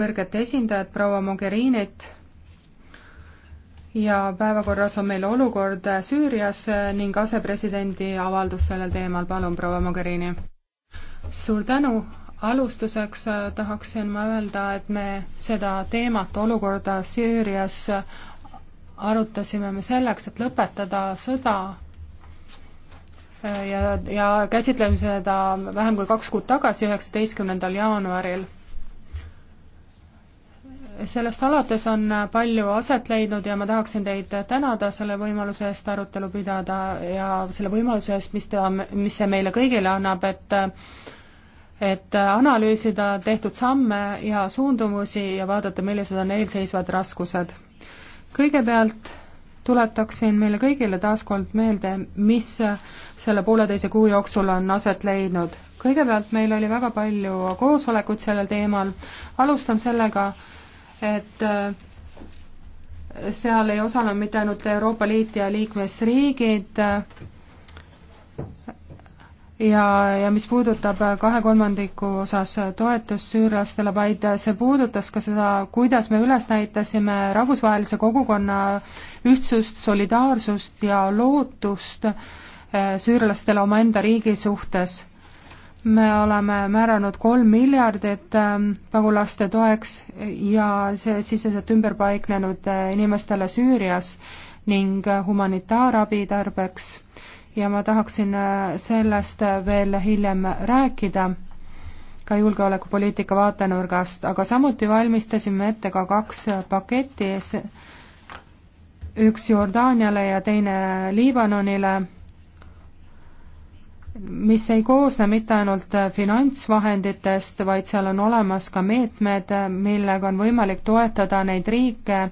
kõrget esindajat proua Mogherinit ja päevakorras on meil olukord Süürias ning asepresidendi avaldus sellel teemal, palun proua Mogherini. suur tänu, alustuseks äh, tahaksin ma öelda, et me seda teemat, olukorda Süürias arutasime me selleks, et lõpetada sõda äh, ja, ja käsitleme seda vähem kui kaks kuud tagasi, üheksateistkümnendal jaanuaril sellest alates on palju aset leidnud ja ma tahaksin teid tänada selle võimaluse eest arutelu pidada ja selle võimaluse eest, mis ta, mis see meile kõigile annab, et et analüüsida tehtud samme ja suundumusi ja vaadata, millised on eelseisvad raskused. kõigepealt tuletaksin meile kõigile taaskord meelde, mis selle pooleteise kuu jooksul on aset leidnud. kõigepealt meil oli väga palju koosolekuid sellel teemal, alustan sellega, et äh, seal ei osalenud mitte ainult Euroopa Liit ja liikmesriigid äh, ja, ja mis puudutab kahe kolmandiku osas toetust süürlastele, vaid see puudutas ka seda, kuidas me üles näitasime rahvusvahelise kogukonna ühtsust, solidaarsust ja lootust äh, süürlastele omaenda riigi suhtes me oleme määranud kolm miljardit ähm, pagulaste toeks ja see siseselt ümber paiknenud äh, inimestele Süürias ning äh, humanitaarabi tarbeks ja ma tahaksin äh, sellest veel hiljem rääkida ka julgeolekupoliitika vaatenurgast, aga samuti valmistasime ette ka kaks paketti, üks Jordaaniale ja teine Liibanonile mis ei koosne mitte ainult äh, finantsvahenditest, vaid seal on olemas ka meetmed, äh, millega on võimalik toetada neid riike äh,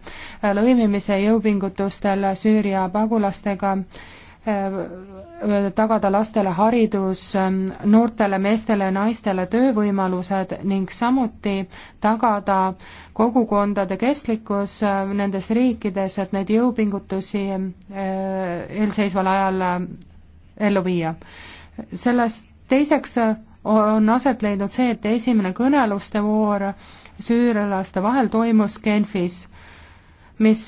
lõimimise jõupingutustel Süüria pagulastega, tagada lastele haridus, ähm, noortele meestele ja naistele töövõimalused ning samuti tagada kogukondade kestlikkus nendes riikides, et neid jõupingutusi eelseisval ajal ellu viia sellest teiseks on aset leidnud see, et esimene kõneluste voor süürialaste vahel toimus Genfis, mis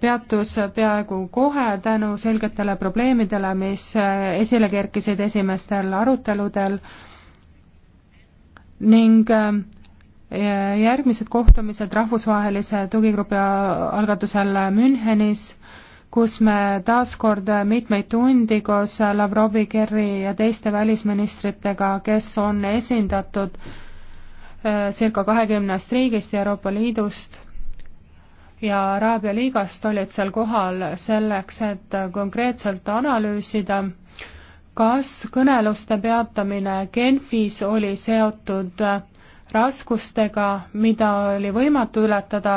peatus peaaegu kohe tänu selgetele probleemidele, mis esile kerkisid esimestel aruteludel ning eh, järgmised kohtumised rahvusvahelise tugigrupi algatusel Münchenis kus me taaskord mitmeid tundi koos Lavrovi, Kerri ja teiste välisministritega, kes on esindatud äh, circa kahekümnest riigist ja Euroopa Liidust ja Araabia liigast olid seal kohal selleks, et konkreetselt analüüsida, kas kõneluste peatamine Genfis oli seotud äh, raskustega, mida oli võimatu ületada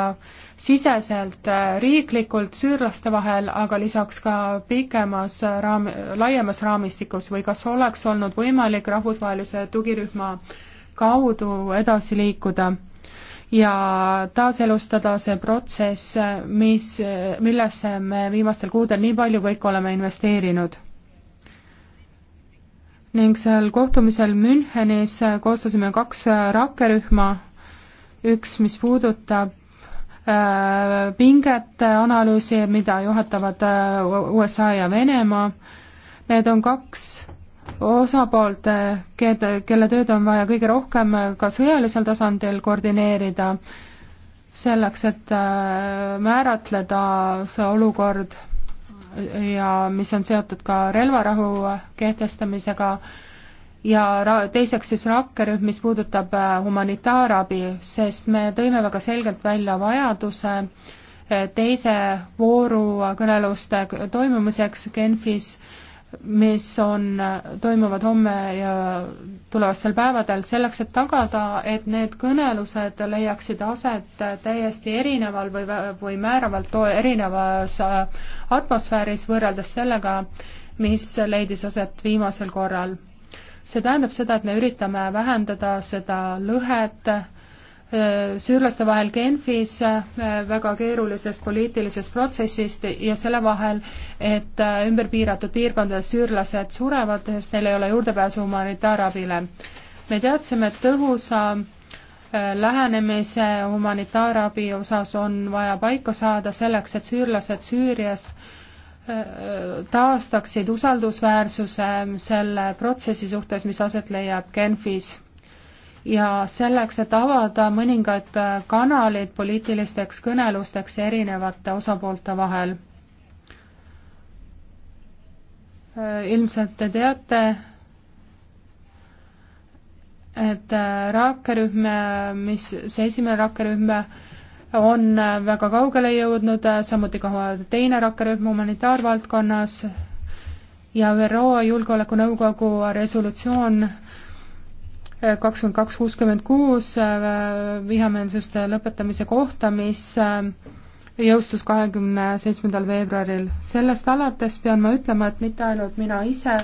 siseselt äh, riiklikult süürlaste vahel, aga lisaks ka pikemas äh, raam, laiemas raamistikus või kas oleks olnud võimalik rahvusvahelise tugirühma kaudu edasi liikuda ja taaselustada see protsess, äh, mis, millesse me viimastel kuudel nii palju kõik oleme investeerinud ning seal kohtumisel Münchenis koostasime kaks rakkerühma, üks, mis puudutab pingete analüüsi, mida juhatavad äh, USA ja Venemaa. Need on kaks osapoolt, äh, kelle tööd on vaja kõige rohkem äh, ka sõjalisel tasandil koordineerida, selleks et määratleda see olukord ja mis on seotud ka relvarahu kehtestamisega ja ra-, teiseks siis rakkerühm, mis puudutab äh, humanitaarabi, sest me tõime väga selgelt välja vajaduse äh, teise vooru kõneluste toimumiseks Genfis, mis on, äh, toimuvad homme ja tulevastel päevadel, selleks et tagada, et need kõnelused leiaksid aset täiesti erineval või, või määravalt erinevas atmosfääris võrreldes sellega, mis leidis aset viimasel korral see tähendab seda, et me üritame vähendada seda lõhet äh, süürlaste vahel Genfis äh, väga keerulisest poliitilisest protsessist ja selle vahel, et äh, ümber piiratud piirkondades süürlased surevad, sest neil ei ole juurdepääsu humanitaarabile. me teadsime, et tõhusa lähenemise humanitaarabi osas on vaja paika saada selleks, et süürlased Süürias äh, taastaksid usaldusväärsuse selle protsessi suhtes, mis aset leiab Genfis. ja selleks, et avada mõningad kanalid poliitilisteks kõnelusteks erinevate osapoolte vahel. ilmselt te teate, et rakkerühm, mis, see esimene rakkerühm on väga kaugele jõudnud, samuti ka teine rakkerühm humanitaarvaldkonnas ja ÜRO Julgeolekunõukogu resolutsioon kakskümmend kaks kuuskümmend kuus vihameelsuste lõpetamise kohta, mis jõustus kahekümne seitsmendal veebruaril. sellest alates pean ma ütlema, et mitte ainult mina ise,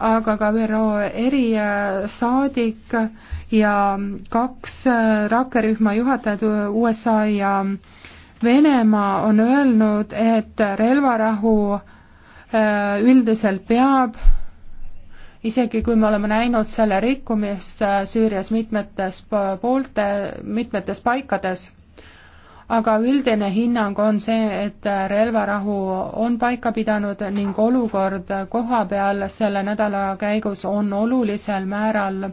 aga ka ÜRO erisaadik äh, ja kaks äh, rakkerühma juhatajat USA ja Venemaa on öelnud, et relvarahu äh, üldiselt peab, isegi kui me oleme näinud selle rikkumist äh, Süürias mitmetes poolte, mitmetes paikades aga üldine hinnang on see, et relvarahu on paika pidanud ning olukord koha peal selle nädala käigus on olulisel määral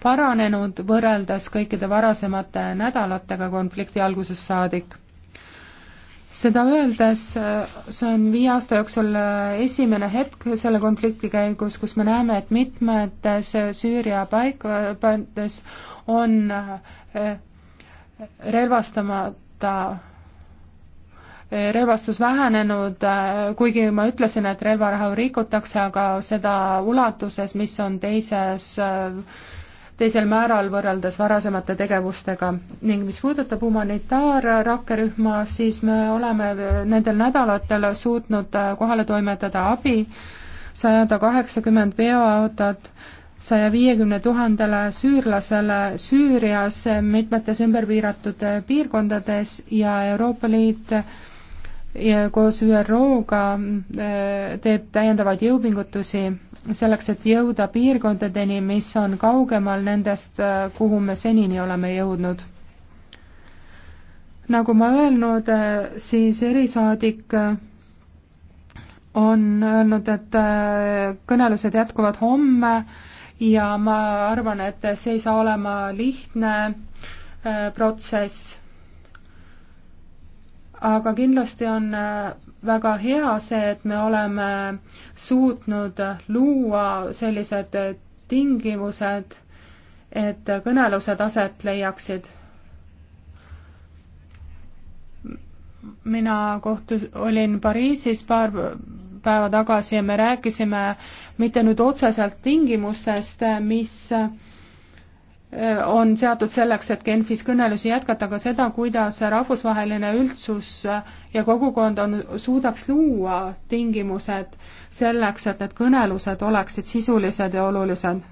paranenud võrreldes kõikide varasemate nädalatega konflikti algusest saadik. seda öeldes, see on viie aasta jooksul esimene hetk selle konflikti käigus, kus me näeme, et mitmetes Süüria paikades on eh, relvastamata eh, relvastus vähenenud, eh, kuigi ma ütlesin, et relvarahu rikutakse, aga seda ulatuses, mis on teises teisel määral võrreldes varasemate tegevustega ning mis puudutab humanitaarrakkerühma, siis me oleme nendel nädalatel suutnud äh, kohale toimetada abi sajada kaheksakümmend veoautot saja viiekümne tuhandele süürlasele Süürias mitmetes ümberpiiratud äh, piirkondades ja Euroopa Liit äh, ja koos ÜRO-ga teeb täiendavaid jõupingutusi selleks, et jõuda piirkondadeni, mis on kaugemal nendest, kuhu me senini oleme jõudnud. nagu ma öelnud, siis erisaadik on öelnud, et äh, kõnelused jätkuvad homme ja ma arvan, et see ei saa olema lihtne äh, protsess, aga kindlasti on äh, väga hea see, et me oleme suutnud luua sellised tingimused, et kõnelused aset leiaksid. mina kohtus, olin Pariisis paar päeva tagasi ja me rääkisime mitte nüüd otseselt tingimustest, mis Äh, on seatud selleks, et Genfis kõnelusi jätkata, aga seda, kuidas rahvusvaheline üldsus ja kogukond on, suudaks luua tingimused selleks, et need kõnelused oleksid sisulised ja olulised.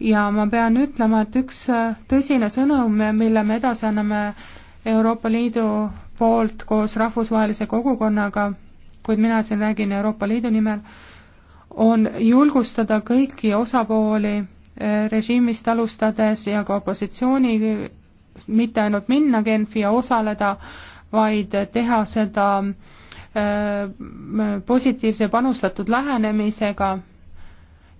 ja ma pean ütlema, et üks äh, tõsine sõnum, mille me edasi anname Euroopa Liidu poolt koos rahvusvahelise kogukonnaga, kuid mina siin räägin Euroopa Liidu nimel, on julgustada kõiki osapooli režiimist alustades ja ka opositsiooni mitte ainult minna Genfi ja osaleda, vaid teha seda äh, positiivse panustatud lähenemisega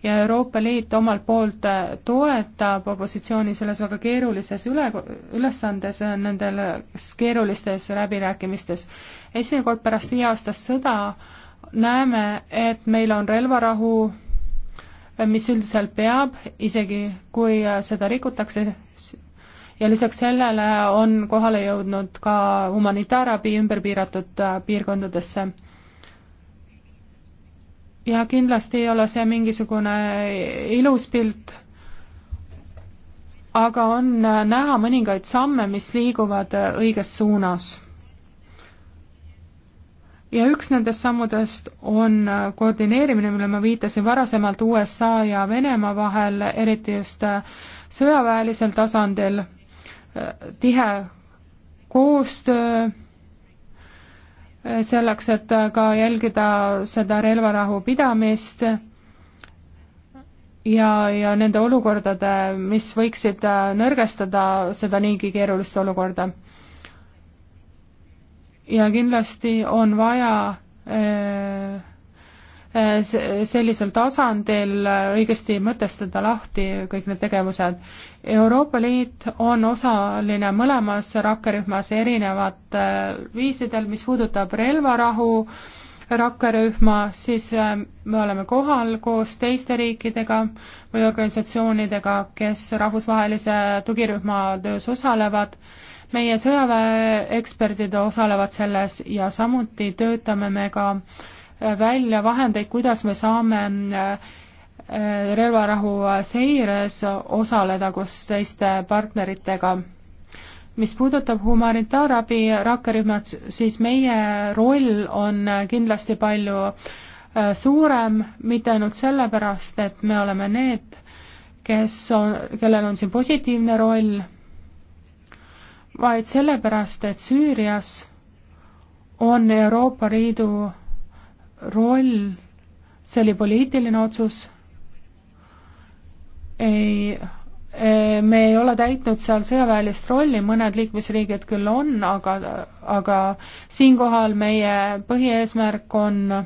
ja Euroopa Liit omalt poolt toetab opositsiooni selles väga keerulises üle, ülesandes nendes keerulistes läbirääkimistes. esimene kord pärast viieaastast sõda näeme, et meil on relvarahu mis üldiselt peab, isegi kui äh, seda rikutakse, ja lisaks sellele on kohale jõudnud ka humanitaarabi ümber piiratud äh, piirkondadesse. ja kindlasti ei ole see mingisugune ilus pilt, aga on äh, näha mõningaid samme, mis liiguvad õiges suunas ja üks nendest sammudest on äh, koordineerimine, mille ma viitasin varasemalt USA ja Venemaa vahel, eriti just äh, sõjaväelisel tasandil, äh, tihe koostöö selleks, et ka jälgida seda relvarahu pidamist ja, ja nende olukordade, mis võiksid nõrgestada seda niigi keerulist olukorda ja kindlasti on vaja eh, eh, sellisel tasandil õigesti mõtestada lahti kõik need tegevused. Euroopa Liit on osaline mõlemas rakkerühmas erinevatel eh, viisidel, mis puudutab relvarahu rakkerühma, siis me oleme kohal koos teiste riikidega või organisatsioonidega, kes rahvusvahelise tugirühma töös osalevad meie sõjaväeeksperdid osalevad selles ja samuti töötame me ka äh, välja vahendeid, kuidas me saame äh, relvarahu seires osaleda koos teiste partneritega. mis puudutab humanitaarabi rakkerühmad, siis meie roll on äh, kindlasti palju suurem, mitte ainult sellepärast, et me oleme need, kes on, kellel on siin positiivne roll vaid sellepärast, et Süürias on Euroopa Liidu roll, see oli poliitiline otsus, ei, e, me ei ole täitnud seal sõjaväelist rolli, mõned liikmesriigid küll on, aga, aga siinkohal meie põhieesmärk on e,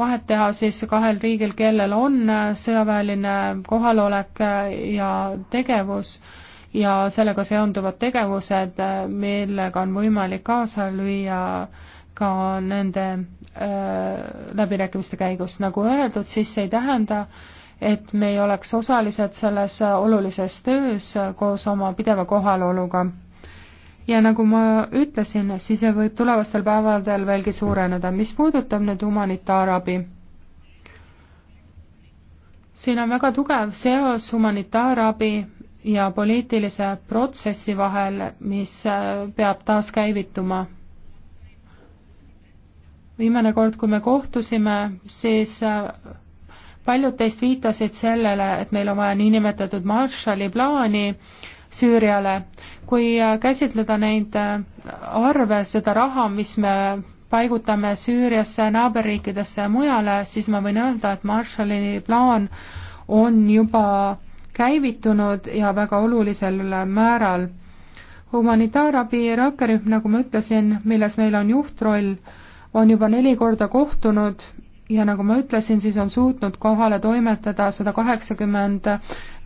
vahet teha siis kahel riigil, kellel on e, sõjaväeline kohalolek ja tegevus ja sellega seonduvad tegevused, äh, millega on võimalik kaasa lüüa ka nende äh, läbirääkimiste käigus. nagu öeldud, siis see ei tähenda, et me ei oleks osalised selles äh, olulises töös äh, koos oma pideva kohaloluga. ja nagu ma ütlesin, siis see võib tulevastel päevadel veelgi suureneda. mis puudutab nüüd humanitaarabi, siin on väga tugev seos humanitaarabi ja poliitilise protsessi vahel, mis äh, peab taaskäivituma. viimane kord, kui me kohtusime, siis äh, paljud teist viitasid sellele, et meil on vaja niinimetatud Marshalli plaani Süüriale. kui äh, käsitleda neid arve, seda raha, mis me paigutame Süüriasse, naaberriikidesse ja mujale, siis ma võin öelda, et Marshalli plaan on juba käivitunud ja väga olulisel määral. humanitaarabi rakkerühm, nagu ma ütlesin, milles meil on juhtroll, on juba neli korda kohtunud ja nagu ma ütlesin, siis on suutnud kohale toimetada sada kaheksakümmend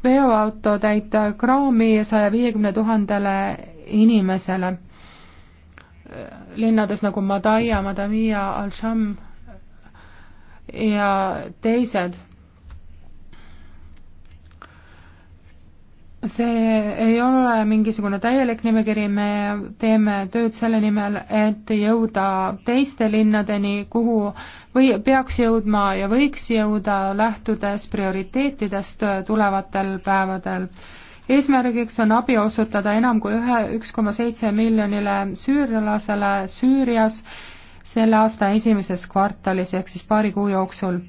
veoautotäit kraami saja viiekümne tuhandele inimesele. linnades nagu Madaya, Madamia, Al-Sham ja teised see ei ole mingisugune täielik nimekiri, me teeme tööd selle nimel, et jõuda teiste linnadeni, kuhu või peaks jõudma ja võiks jõuda, lähtudes prioriteetidest tulevatel päevadel. eesmärgiks on abi osutada enam kui ühe, üks koma seitse miljonile süürlasele Süürias selle aasta esimeses kvartalis ehk siis paari kuu jooksul.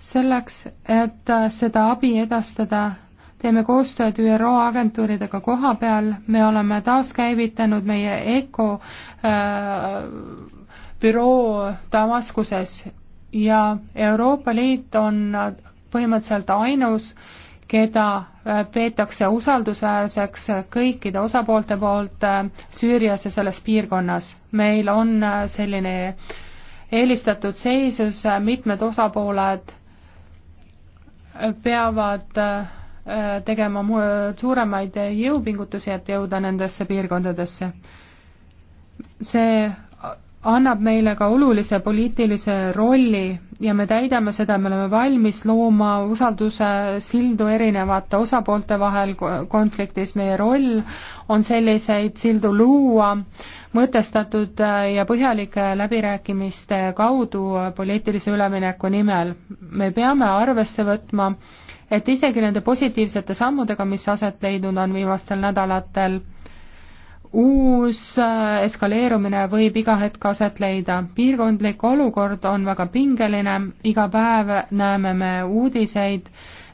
selleks, et seda abi edastada teeme koostööd ÜRO agentuuridega koha peal, me oleme taaskäivitanud meie ECO äh, büroo Damaskuses ja Euroopa Liit on põhimõtteliselt ainus, keda äh, peetakse usaldusväärseks kõikide osapoolte poolt äh, Süürias ja selles piirkonnas. meil on äh, selline eelistatud seisus, mitmed osapooled peavad äh, tegema suuremaid jõupingutusi, et jõuda nendesse piirkondadesse. see annab meile ka olulise poliitilise rolli ja me täidame seda, me oleme valmis looma usalduse sildu erinevate osapoolte vahel konfliktis, meie roll on selliseid sildu luua mõtestatud ja põhjalike läbirääkimiste kaudu poliitilise ülemineku nimel. me peame arvesse võtma äh, et isegi nende positiivsete sammudega, mis aset leidnud on viimastel nädalatel, uus äh, eskaleerumine võib iga hetk aset leida. piirkondlik olukord on väga pingeline, iga päev näeme me uudiseid,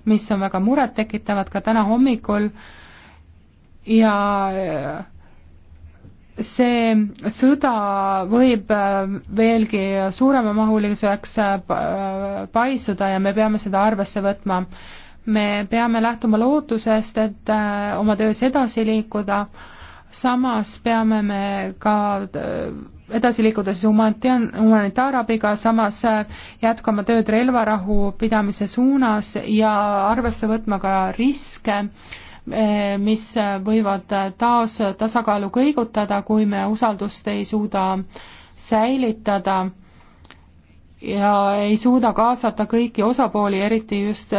mis on väga murettekitavad ka täna hommikul ja äh, see sõda võib äh, veelgi suuremamahuliseks paisuda ja me peame seda arvesse võtma me peame lähtuma lootusest, et äh, oma töös edasi liikuda, samas peame me ka äh, edasi liikuda siis humanitaarabiga, samas äh, jätkama tööd relvarahu pidamise suunas ja arvesse võtma ka riske, mis võivad taas tasakaalu kõigutada, kui me usaldust ei suuda säilitada ja ei suuda kaasata kõiki osapooli, eriti just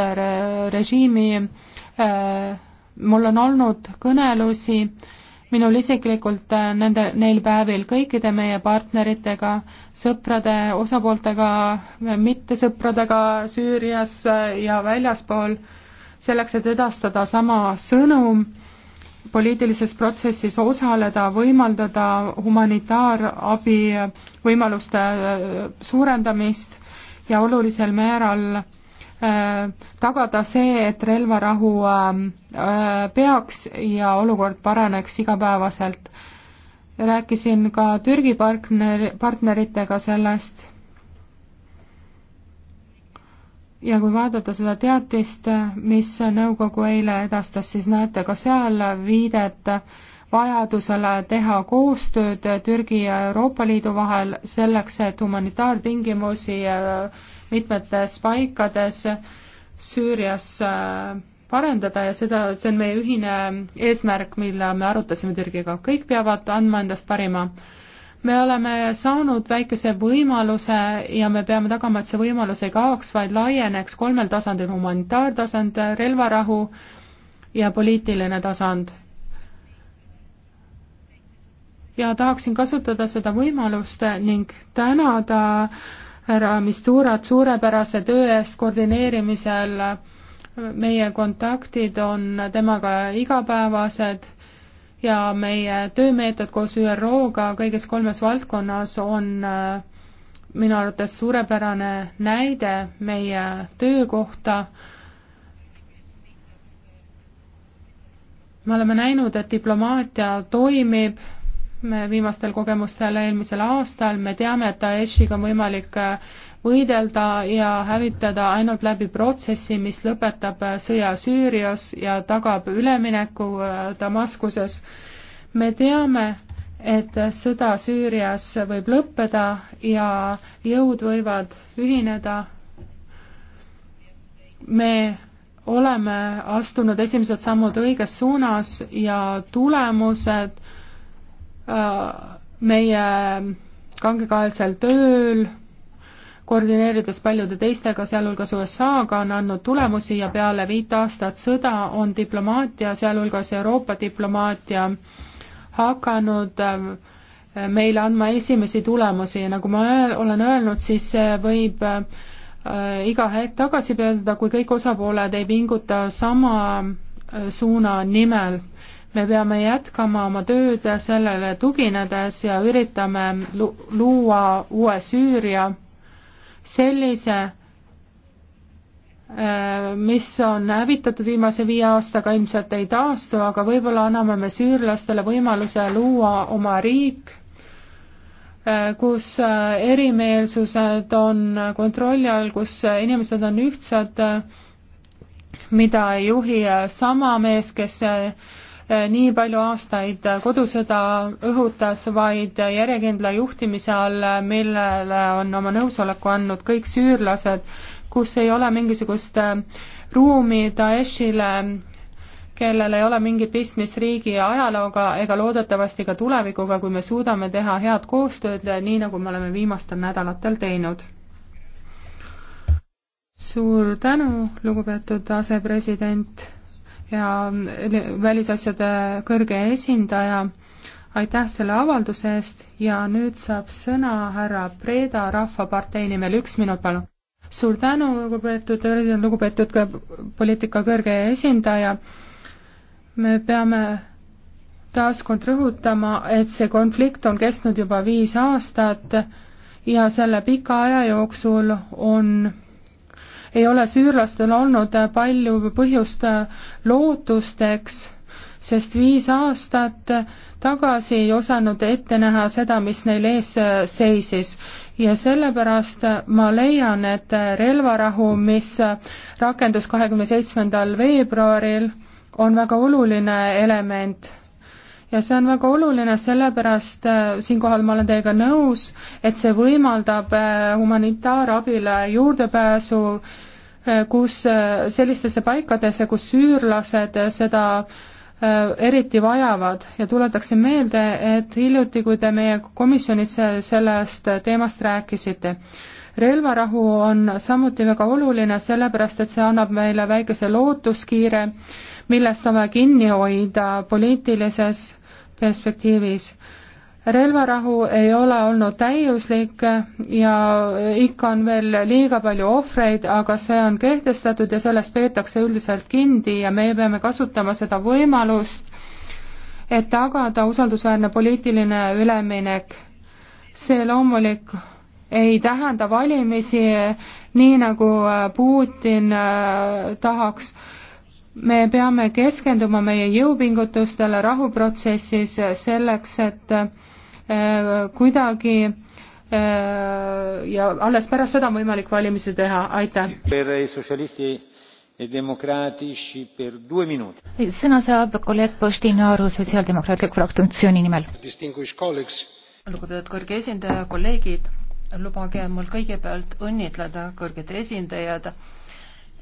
režiimi. Äh, mul on olnud kõnelusi minul isiklikult äh, nende, neil päevil kõikide meie partneritega, sõprade, osapooltega, mittesõpradega Süürias äh, ja väljaspool, selleks, et edastada sama sõnum poliitilises protsessis osaleda, võimaldada humanitaarabi võimaluste äh, suurendamist ja olulisel määral äh, tagada see, et relvarahu ähm, äh, peaks ja olukord paraneks igapäevaselt. rääkisin ka Türgi partner, partneritega sellest ja kui vaadata seda teatist, mis nõukogu eile edastas, siis näete ka seal viidet vajadusele teha koostööd Türgi ja Euroopa Liidu vahel selleks, et humanitaartingimusi äh, mitmetes paikades Süürias äh, parendada ja seda, see on meie ühine eesmärk, mille me arutasime Türgiga, kõik peavad andma endast parima me oleme saanud väikese võimaluse ja me peame tagama, et see võimalus ei kaoks, vaid laieneks kolmel tasandil, humanitaartasand, relvarahu ja poliitiline tasand. ja tahaksin kasutada seda võimalust ning tänada härra Misturat suurepärase töö eest koordineerimisel meie kontaktid on temaga igapäevased ja meie töömeetod koos ÜRO-ga kõiges kolmes valdkonnas on äh, minu arvates suurepärane näide meie töökohta. me oleme näinud, et diplomaatia toimib, me viimastel kogemustel eelmisel aastal, me teame, et Daeshiga on võimalik äh, võidelda ja hävitada ainult läbi protsessi, mis lõpetab äh, sõja Süürias ja tagab ülemineku äh, Damaskuses. me teame, et sõda Süürias võib lõppeda ja jõud võivad ühineda. me oleme astunud esimesed sammud õiges suunas ja tulemused äh, meie kangekaelsel tööl koordineerides paljude teistega, sealhulgas USA-ga, on andnud tulemusi ja peale viit aastat sõda on diplomaatia, sealhulgas Euroopa diplomaatia, hakanud äh, meile andma esimesi tulemusi ja nagu ma olen öelnud, siis see võib äh, iga hetk tagasi pöörduda, kui kõik osapooled ei pinguta sama äh, suuna nimel. me peame jätkama oma tööd sellele tuginedes ja üritame luua uue Süüria sellise, äh, mis on hävitatud viimase viie aastaga, ilmselt ei taastu, aga võib-olla anname me süürlastele võimaluse luua oma riik, äh, kus äh, erimeelsused on kontrolli all, kus inimesed on ühtsed, mida ei juhi sama mees, kes Eh, nii palju aastaid kodusõda õhutas, vaid järjekindla juhtimise all, millele on oma nõusoleku andnud kõik süürlased, kus ei ole mingisugust eh, ruumi Daeshile, kellel ei ole mingit pistmist riigi ajalooga ega loodetavasti ka tulevikuga, kui me suudame teha head koostööd, eh, nii nagu me oleme viimastel nädalatel teinud. suur tänu, lugupeetud asepresident ja välisasjade kõrge esindaja, aitäh selle avalduse eest ja nüüd saab sõna härra Preda Rahvapartei nimel, üks minut palun. suur tänu, lugupeetud president, lugupeetud poliitika kõrge esindaja, me peame taaskord rõhutama, et see konflikt on kestnud juba viis aastat ja selle pika aja jooksul on ei ole süürlastel olnud palju põhjust lootusteks, sest viis aastat tagasi ei osanud ette näha seda, mis neil ees seisis. ja sellepärast ma leian, et relvarahu, mis rakendus kahekümne seitsmendal veebruaril, on väga oluline element ja see on väga oluline, sellepärast äh, siinkohal ma olen teiega nõus, et see võimaldab äh, humanitaarabile juurdepääsu äh, kus, sellistesse paikadesse, kus süürlased seda eriti vajavad ja tuletaksin meelde, et hiljuti, kui te meie komisjonis sellest teemast rääkisite, relvarahu on samuti väga oluline, sellepärast et see annab meile väikese lootuskiire, millest on vaja kinni hoida poliitilises perspektiivis. relvarahu ei ole olnud täiuslik ja ikka on veel liiga palju ohvreid, aga see on kehtestatud ja sellest peetakse üldiselt kinni ja meie peame kasutama seda võimalust, et tagada usaldusväärne poliitiline üleminek. see loomulik ei tähenda valimisi, nii nagu Putin äh, tahaks me peame keskenduma meie jõupingutustele rahuprotsessis selleks, et äh, kuidagi äh, ja alles pärast seda on võimalik valimisi teha, aitäh. E sõna saab kolleeg Postinaru Sotsiaaldemokraatliku fraktsiooni nimel. lugupeetud kõrge esindaja, kolleegid, lubage mul kõigepealt õnnitleda kõrget esindajat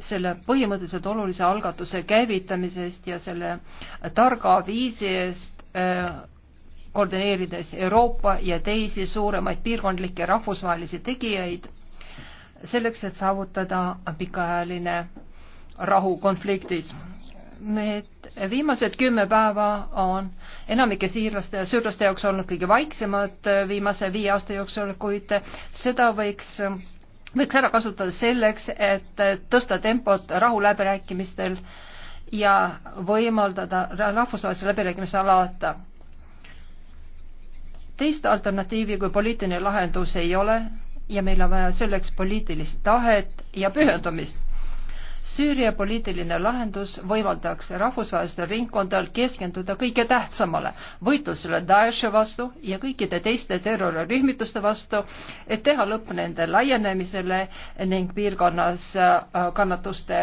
selle põhimõtteliselt olulise algatuse käivitamisest ja selle targa viisi eest äh, koordineerides Euroopa ja teisi suuremaid piirkondlikke rahvusvahelisi tegijaid selleks, et saavutada pikaajaline rahu konfliktis. Need viimased kümme päeva on enamike siirlaste ja süürlaste jaoks olnud kõige vaiksemad viimase viie aasta jooksul, kuid seda võiks võiks ära kasutada selleks, et tõsta tempot rahuläbirääkimistel ja võimaldada rahvusvahelise läbirääkimise alata. teist alternatiivi kui poliitiline lahendus ei ole ja meil on vaja selleks poliitilist tahet ja pühendumist Süüria poliitiline lahendus võimaldaks rahvusvahelistel ringkondadel keskenduda kõige tähtsamale, võitlusele Daeshi vastu ja kõikide teiste terrorirühmituste vastu, et teha lõpp nende laienemisele ning piirkonnas äh, kannatuste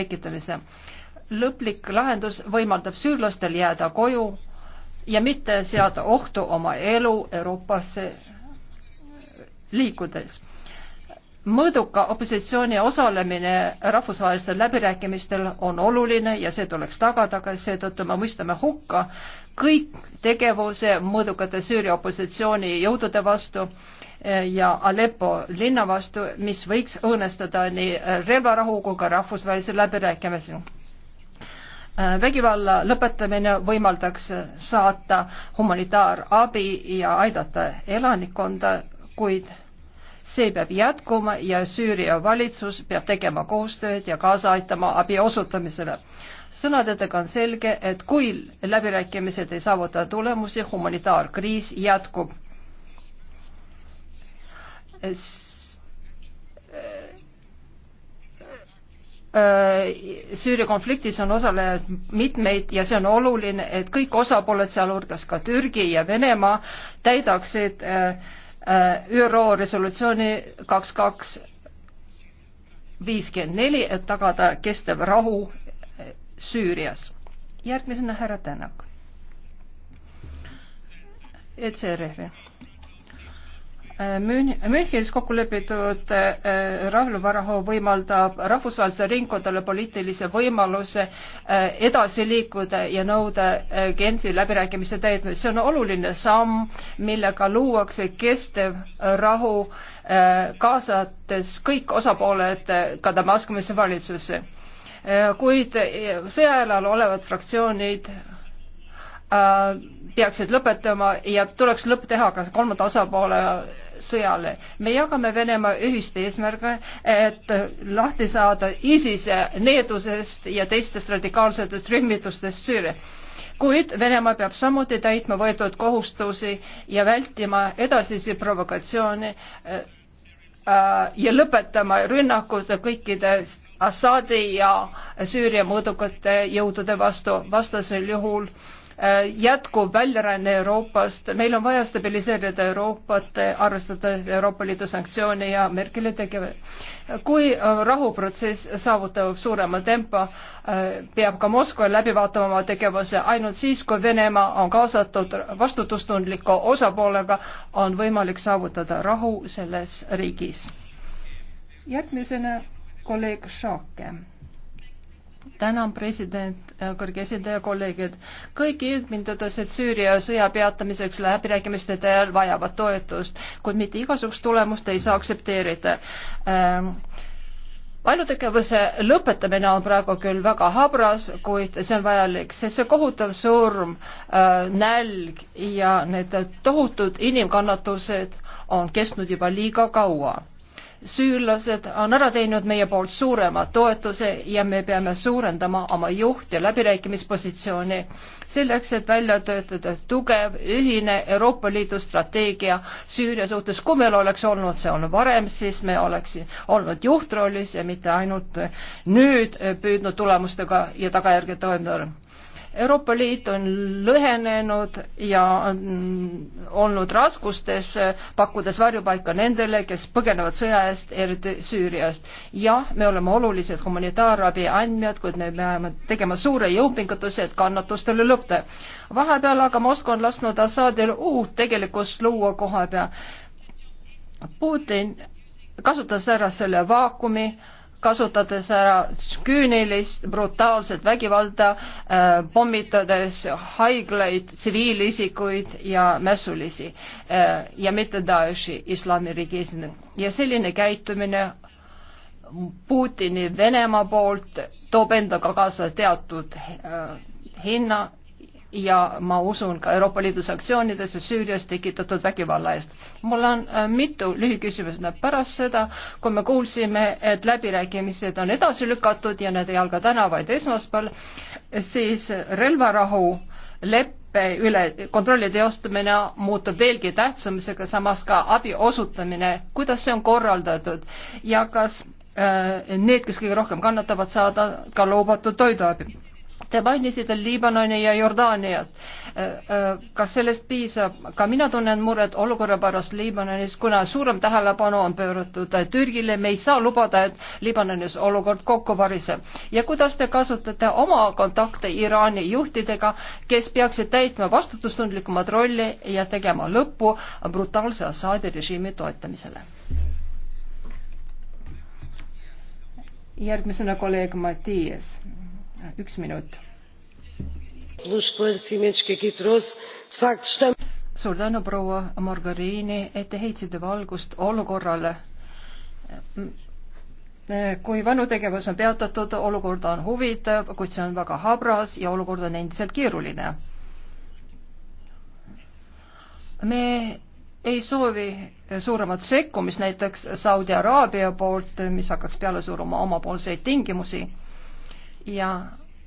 tekitamise. lõplik lahendus võimaldab süürlastel jääda koju ja mitte seada ohtu oma elu Euroopasse liikudes mõõduka opositsiooni osalemine rahvusvahelistel läbirääkimistel on oluline ja see tuleks tagada, aga seetõttu me mõistame hukka kõik tegevuse mõõdukate Süüria opositsiooni jõudude vastu eh, ja Aleppo linna vastu, mis võiks õõnestada nii relvarahu kui ka rahvusvahelisi läbirääkimisi eh, vägivalla lõpetamine võimaldaks saata humanitaarabi ja aidata elanikkonda, kuid see peab jätkuma ja Süüria valitsus peab tegema koostööd ja kaasa aitama abi osutamisele. sõnadega on selge, et kui läbirääkimised ei saavuta tulemusi, humanitaarkriis jätkub. Äh, Süüria konfliktis on osalenud mitmeid ja see on oluline, et kõik osapooled, sealhulgas ka Türgi ja Venemaa, täidaksid äh, Äh, ÜRO resolutsiooni kaks kaks viiskümmend neli, et tagada kestev rahu äh, Süürias. järgmisena härra Tänak. ECRF-i Münchenis kokku lepitud äh, rahulvarahu võimaldab rahvusvahelisele ringkondadele poliitilise võimaluse äh, edasi liikuda ja nõuda äh, Genfi läbirääkimise täitmist. see on oluline samm, millega luuakse kestev rahu, kaasates kõik osapooled ka Damaskumise valitsusse. kuid sõjajalal olevad fraktsioonid peaksid lõpetama ja tuleks lõpp teha ka kolmanda osapoole sõjale. me jagame Venemaa ühist eesmärgi, et lahti saada ISISe needusest ja teistest radikaalsetest rühmitustest Süüria. kuid Venemaa peab samuti täitma võetud kohustusi ja vältima edasisi provokatsioone äh, ja lõpetama rünnakud kõikide Assaadi ja Süüria mõõdukate jõudude vastu, vastasel juhul äh, jätkuv väljaränne Euroopast, meil on vaja stabiliseerida Euroopat, arvestades Euroopa Liidu sanktsioone ja Merkeli tegevust. kui äh, rahuprotsess saavutab suurema tempo, äh, peab ka Moskva läbi vaatama oma tegevuse, ainult siis, kui Venemaa on kaasatud vastutustundliku osapoolega, on võimalik saavutada rahu selles riigis. järgmisena kolleeg Šaake tänan, president, äh, kõrge esindaja, kolleegid. kõik eelmindudased Süüria sõja peatamiseks läbirääkimiste teel vajavad toetust, kuid mitte igasugust tulemust ei saa aktsepteerida ähm, ainutegevuse lõpetamine on praegu küll väga habras, kuid see on vajalik, sest see kohutav surm äh,, nälg ja need tohutud inimkannatused on kestnud juba liiga kaua süürlased on ära teinud meie poolt suurema toetuse ja me peame suurendama oma juht- ja läbirääkimispositsiooni selleks, et välja töötada tugev ühine Euroopa Liidu strateegia Süüria suhtes. kui meil oleks olnud see olnud varem, siis me oleks olnud juhtrollis ja mitte ainult nüüd püüdnud tulemustega ja tagajärgedega toime tulla Euroopa Liit on lõhenenud ja on olnud raskustes, pakkudes varjupaika nendele, kes põgenevad sõja eest, eriti Süüriast. jah, me oleme olulised humanitaarabi andjad, kuid me peame tegema suure jõupingutuse, et kannatustele lõpp teha. vahepeal aga Moskva on lasknud Assadil uut tegelikkust luua koha peal. Putin kasutas ära selle vaakumi kasutades ära küünilist brutaalset vägivalda, äh, pommitades haiglaid, tsiviilisikuid ja mässulisi äh, ja mitte Daeshi islamiriigi esindajaid. ja selline käitumine Putini Venemaa poolt toob endaga kaasa teatud äh, hinna ja ma usun ka Euroopa Liidu sanktsioonidesse Süürias tekitatud vägivalla eest. mul on äh, mitu lühiküsimust pärast seda, kui me kuulsime, et läbirääkimised on edasi lükatud ja need ei alga täna, vaid esmaspäeval, siis relvarahu leppe üle kontrolli teostamine muutub veelgi tähtsamaks, samas ka abi osutamine, kuidas see on korraldatud ja kas äh, need, kes kõige rohkem kannatavad, saada ka lubatud toiduabi Te mainisite Liibanoni ja Jordaaniat. Äh, äh, kas sellest piisab? ka mina tunnen muret olukorra pärast Liibanonis, kuna suurem tähelepanu on pööratud äh, Türgile, me ei saa lubada, et Liibanonis olukord kokku variseb. ja kuidas te kasutate oma kontakte Iraani juhtidega, kes peaksid täitma vastutustundlikumat rolli ja tegema lõppu brutaalse Assaadi režiimi toetamisele? järgmisena kolleeg Mattias üks minut. suur tänu, proua Margariini, et te heitsite valgust olukorrale kui vanutegevus on peatatud, olukord on huvitav, kuid see on väga habras ja olukord on endiselt keeruline. me ei soovi suuremat sekkumist näiteks Saudi Araabia poolt, mis hakkaks peale suruma omapoolseid tingimusi ja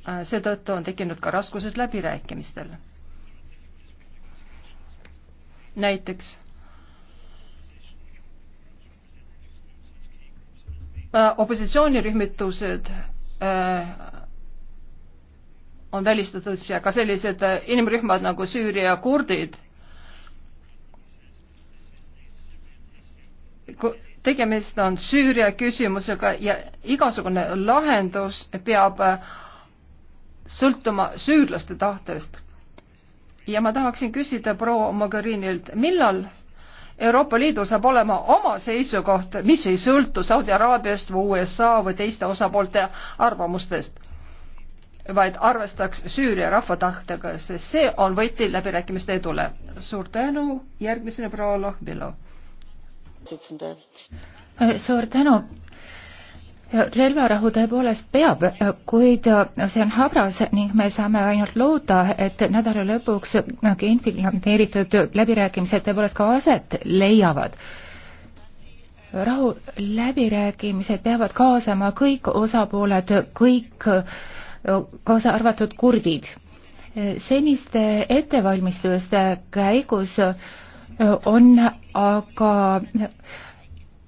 äh, seetõttu on tekkinud ka raskused läbirääkimistel. näiteks äh, opositsioonirühmitused äh, on välistatud ja ka sellised inimrühmad nagu Süüria kurdid tegemist on Süüria küsimusega ja igasugune lahendus peab äh, sõltuma süürlaste tahtest. ja ma tahaksin küsida proua Mogherinilt, millal Euroopa Liidul saab olema oma seisukoht, mis ei sõltu Saudi Araabiast või USA või teiste osapoolte arvamustest, vaid arvestaks Süüria rahva tahtega, sest see on võti läbirääkimiste edule. suur tänu, järgmisena proua Lohbilov Äh, suur tänu relvarahu tõepoolest peab, äh, kuid äh, see on habras ning me saame ainult loota, et nädala lõpuks Genfi planeeritud läbirääkimised tõepoolest ka aset leiavad. rahuläbirääkimised peavad kaasama kõik osapooled, kõik, kaasa arvatud kurdid. seniste ettevalmistuste käigus äh, on aga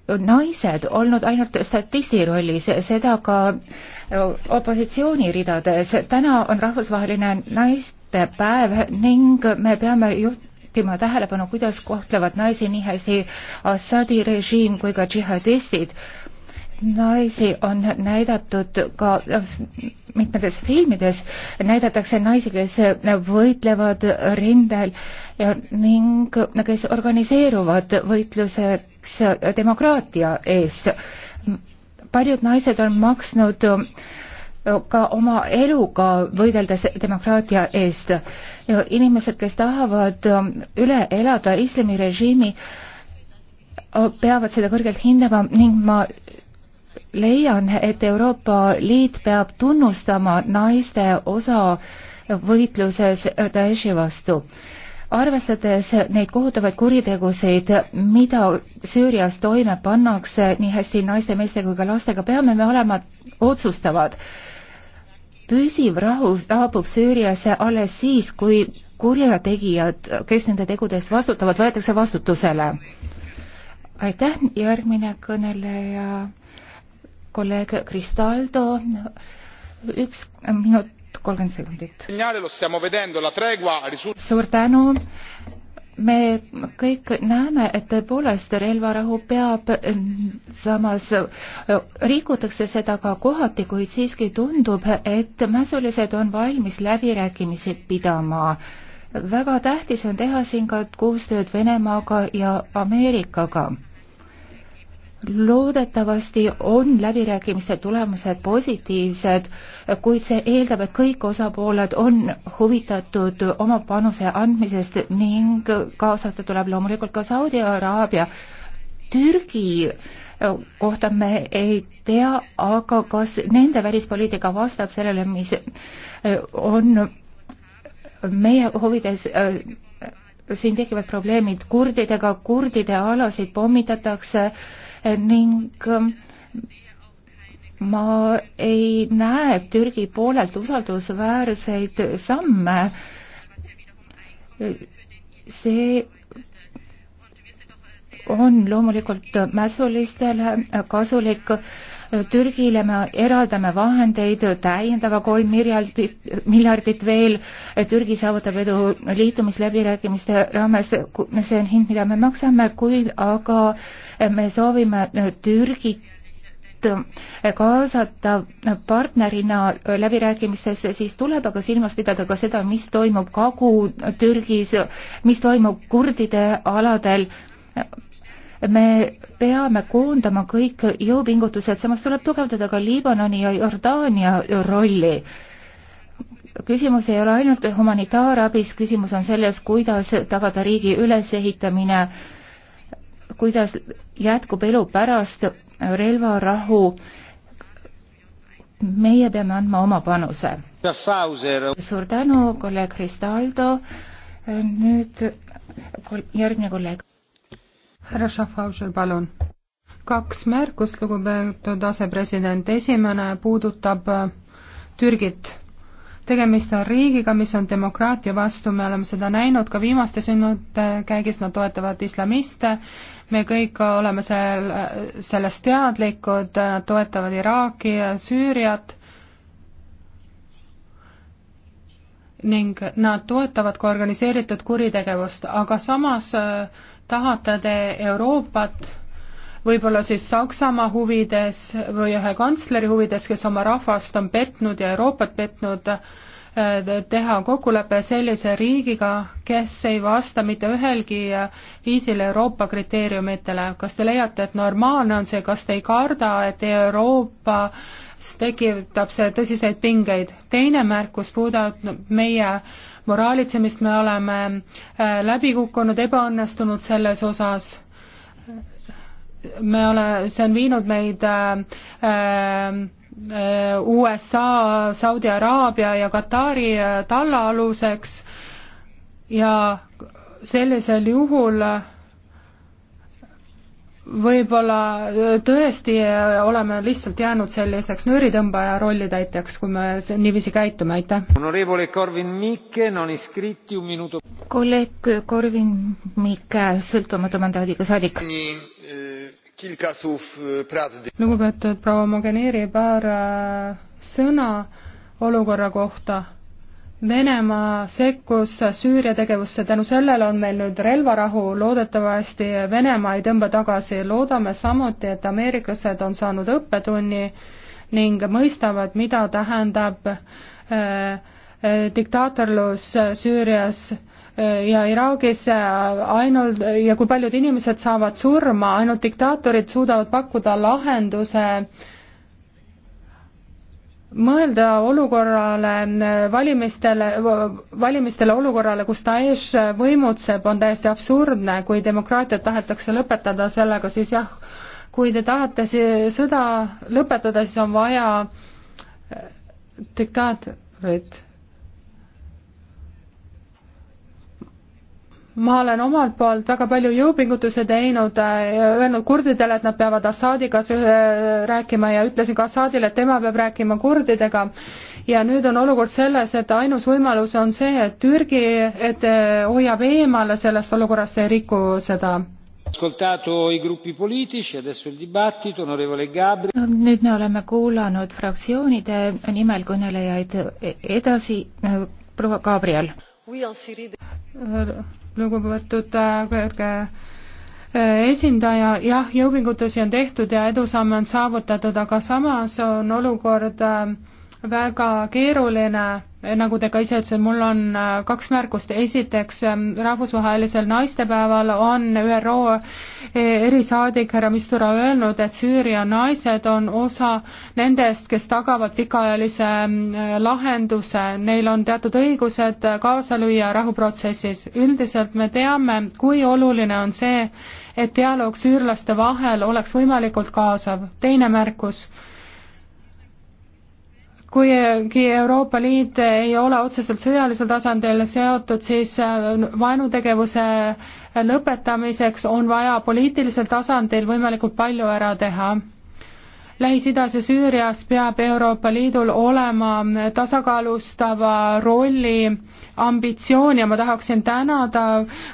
naised olnud ainult statisti rollis, seda ka opositsiooni ridades. täna on rahvusvaheline naistepäev ning me peame juhtima tähelepanu, kuidas kohtlevad naisi nii hästi Assadi režiim kui ka džihadistid naisi on näidatud ka äh, mitmetes filmides, näidatakse naisi, kes võitlevad rindel ja ning kes organiseeruvad võitluseks demokraatia eest. paljud naised on maksnud ka oma eluga võideldes demokraatia eest. inimesed, kes tahavad üle elada islamirežiimi, peavad seda kõrgelt hindama ning ma leian, et Euroopa Liit peab tunnustama naiste osa võitluses Daeshi vastu. arvestades neid kohutavaid kuritegusid, mida Süürias toime pannakse nii hästi naiste, meeste kui ka lastega, peame me olema otsustavad. püsiv rahu saabub Süüriasse alles siis, kui kurjategijad, kes nende tegude eest vastutavad, võetakse vastutusele. aitäh, järgmine kõneleja kolleeg Cristaldo, üks minut kolmkümmend sekundit. suur tänu, me kõik näeme, et tõepoolest relvarahu peab, mm, samas rikutakse seda ka kohati, kuid siiski tundub, et mässulised on valmis läbirääkimisi pidama väga tähtis on teha siin ka koostööd Venemaaga ja Ameerikaga loodetavasti on läbirääkimiste tulemused positiivsed, kuid see eeldab, et kõik osapooled on huvitatud oma panuse andmisest ning kaasata tuleb loomulikult ka Saudi Araabia. Türgi äh, kohta me ei tea, aga kas nende välispoliitika vastab sellele, mis äh, on meie huvides äh, siin tekivad probleemid kurdidega, kurdide alasid pommitatakse äh, ning ähm, ma ei näe Türgi poolelt usaldusväärseid samme. see on loomulikult mässulistele kasulik Türgile me eraldame vahendeid täiendava kolm miljardit, miljardit veel. Türgi saavutab edu liitumisläbirääkimiste raames, see on hind, mida me maksame, kuid aga me soovime Türgit kaasata partnerina läbirääkimistesse, siis tuleb aga silmas pidada ka seda, mis toimub Kagu-Türgis, mis toimub kurdide aladel me peame koondama kõik jõupingutused, samas tuleb tugevdada ka Liibanoni ja Jordaania rolli. küsimus ei ole ainult humanitaarabis, küsimus on selles, kuidas tagada riigi ülesehitamine, kuidas jätkub elu pärast relvarahu. meie peame andma oma panuse. suur tänu, kolleeg Ristaldo. nüüd järgmine kolleeg härra Schaffhauser, palun. kaks märkust, lugupeetud asepresident, esimene puudutab äh, Türgit. tegemist on riigiga, mis on demokraatia vastu, me oleme seda näinud ka viimaste sündmuste käigis, nad toetavad islamiste, me kõik oleme seal, äh, sellest teadlikud, nad toetavad Iraaki ja Süüriat ning nad toetavad ka organiseeritud kuritegevust, aga samas äh, tahate te Euroopat võib-olla siis Saksamaa huvides või ühe kantsleri huvides, kes oma rahvast on petnud ja Euroopat petnud, eh, teha kokkulepe sellise riigiga, kes ei vasta mitte ühelgi viisil Euroopa kriteeriumitele. kas te leiate, et normaalne on see, kas te ei karda, et Euroopas tekitab see tõsiseid pingeid? teine märkus puudutab meie moraalitsemist, me oleme äh, läbi kukkunud, ebaõnnestunud selles osas, me ole, see on viinud meid äh, äh USA, Saudi Araabia ja Katari äh, tallaaluseks ja sellisel juhul äh, võib-olla tõesti oleme lihtsalt jäänud selliseks nööritõmbaja rolli täitjaks, kui me niiviisi käitume, aitäh. kolleeg Korvin Mikke, sõltumatu mandaadiga saadik. lugupeetud proua Mogherini, paar sõna olukorra kohta Venemaa sekkus Süüria tegevusse, tänu sellele on meil nüüd relvarahu, loodetavasti Venemaa ei tõmba tagasi, loodame samuti, et ameeriklased on saanud õppetunni ning mõistavad, mida tähendab äh, äh, diktaatorlus Süürias äh, ja Iraagis äh, ainult ja kui paljud inimesed saavad surma, ainult diktaatorid suudavad pakkuda lahenduse äh, mõelda olukorrale, valimistele, valimistele olukorrale, kus Daesh võimutseb, on täiesti absurdne, kui demokraatiat tahetakse lõpetada sellega, siis jah, kui te tahate sõda lõpetada, siis on vaja eh, diktaatorit ma olen omalt poolt väga palju jõupingutusi teinud, äh, öelnud kurdidele, et nad peavad Assadiga äh, rääkima ja ütlesin ka Assadile, et tema peab rääkima kurdidega. ja nüüd on olukord selles, et ainus võimalus on see, et Türgi, et äh, hoiab eemale sellest olukorrast ja ei riku seda. nüüd me oleme kuulanud fraktsioonide nimel kõnelejaid edasi, proua Gabriel lugupeetud äh, kõrge äh, esindaja, jah, jõupingutusi on tehtud ja edusamme on saavutatud, aga samas on olukord äh, väga keeruline nagu te ka ise ütlesite, mul on äh, kaks märkust, esiteks ähm, rahvusvahelisel naistepäeval on ÜRO äh, erisaadik härra Mistura öelnud, et Süüria naised on osa nendest, kes tagavad pikaajalise ähm, lahenduse, neil on teatud õigused äh, kaasa lüüa rahuprotsessis. üldiselt me teame, kui oluline on see, et dialoog süürlaste vahel oleks võimalikult kaasav. teine märkus kuigi Euroopa Liit ei ole otseselt sõjalisel tasandil seotud, siis äh, vaenutegevuse lõpetamiseks on vaja poliitilisel tasandil võimalikult palju ära teha. Lähis-Idas ja Süürias peab Euroopa Liidul olema tasakaalustava rolli ambitsioon ja ma tahaksin tänada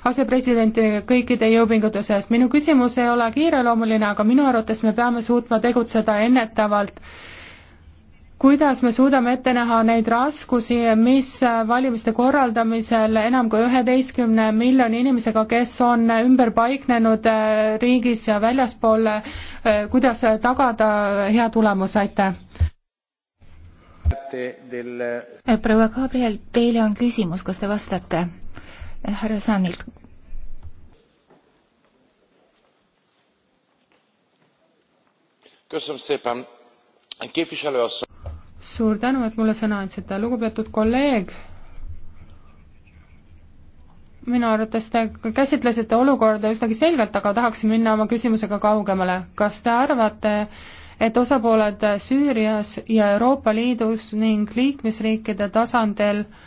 asepresidenti kõikide jõupingutuse eest. minu küsimus ei ole kiireloomuline, aga minu arvates me peame suutma tegutseda ennetavalt kuidas me suudame ette näha neid raskusi, mis valimiste korraldamisel enam kui üheteistkümne miljoni inimesega, kes on ümber paiknenud äh, riigis ja väljaspool, äh, kuidas tagada hea tulemus, aitäh! Äh, proua Gabriel, teile on küsimus, kas te vastate härra Saanilt? köszönöm szépen képviselő asszony! suur tänu, et mulle sõna andsite, lugupeetud kolleeg, minu arvates te käsitlesite olukorda üsnagi selgelt, aga tahaksin minna oma küsimusega kaugemale. kas te arvate, et osapooled Süürias ja Euroopa Liidus ning liikmesriikide tasandil äh,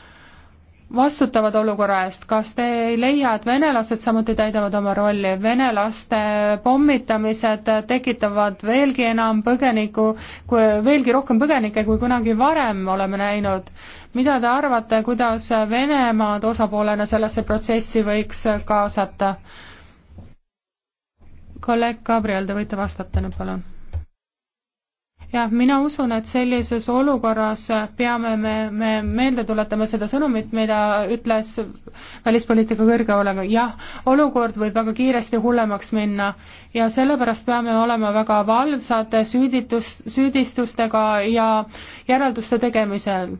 vastutavad olukorra eest, kas te ei leia, et venelased samuti täidavad oma rolli, venelaste pommitamised tekitavad veelgi enam põgenikku, kui veelgi rohkem põgenikke, kui kunagi varem oleme näinud. mida te arvate, kuidas Venemaad osapoolena sellesse protsessi võiks kaasata? kolleeg Gabriel, te võite vastata nüüd, palun jah, mina usun, et sellises olukorras peame me, me meelde tuletama seda sõnumit, mida ütles välispoliitika kõrge olega, jah, olukord võib väga kiiresti hullemaks minna ja sellepärast peame olema väga valvsad süüditus, süüdistustega ja järelduste tegemisel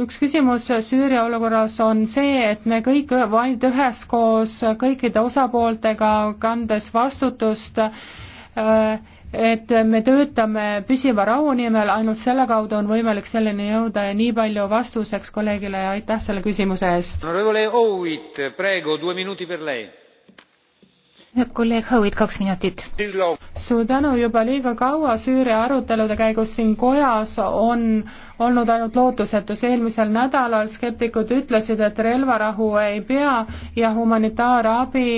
üks küsimus Süüria olukorras on see, et me kõik vaid üheskoos kõikide osapooltega, kandes vastutust äh, et me töötame püsiva rahu nimel, ainult selle kaudu on võimalik selleni jõuda ja nii palju vastuseks kolleegile ja aitäh selle küsimuse eest. kolleeg Howitt, kaks minutit. suur tänu, juba liiga kaua Süüria arutelude käigus siin kojas on olnud ainult lootusetus. eelmisel nädalal skeptikud ütlesid, et relvarahu ei pea ja humanitaarabi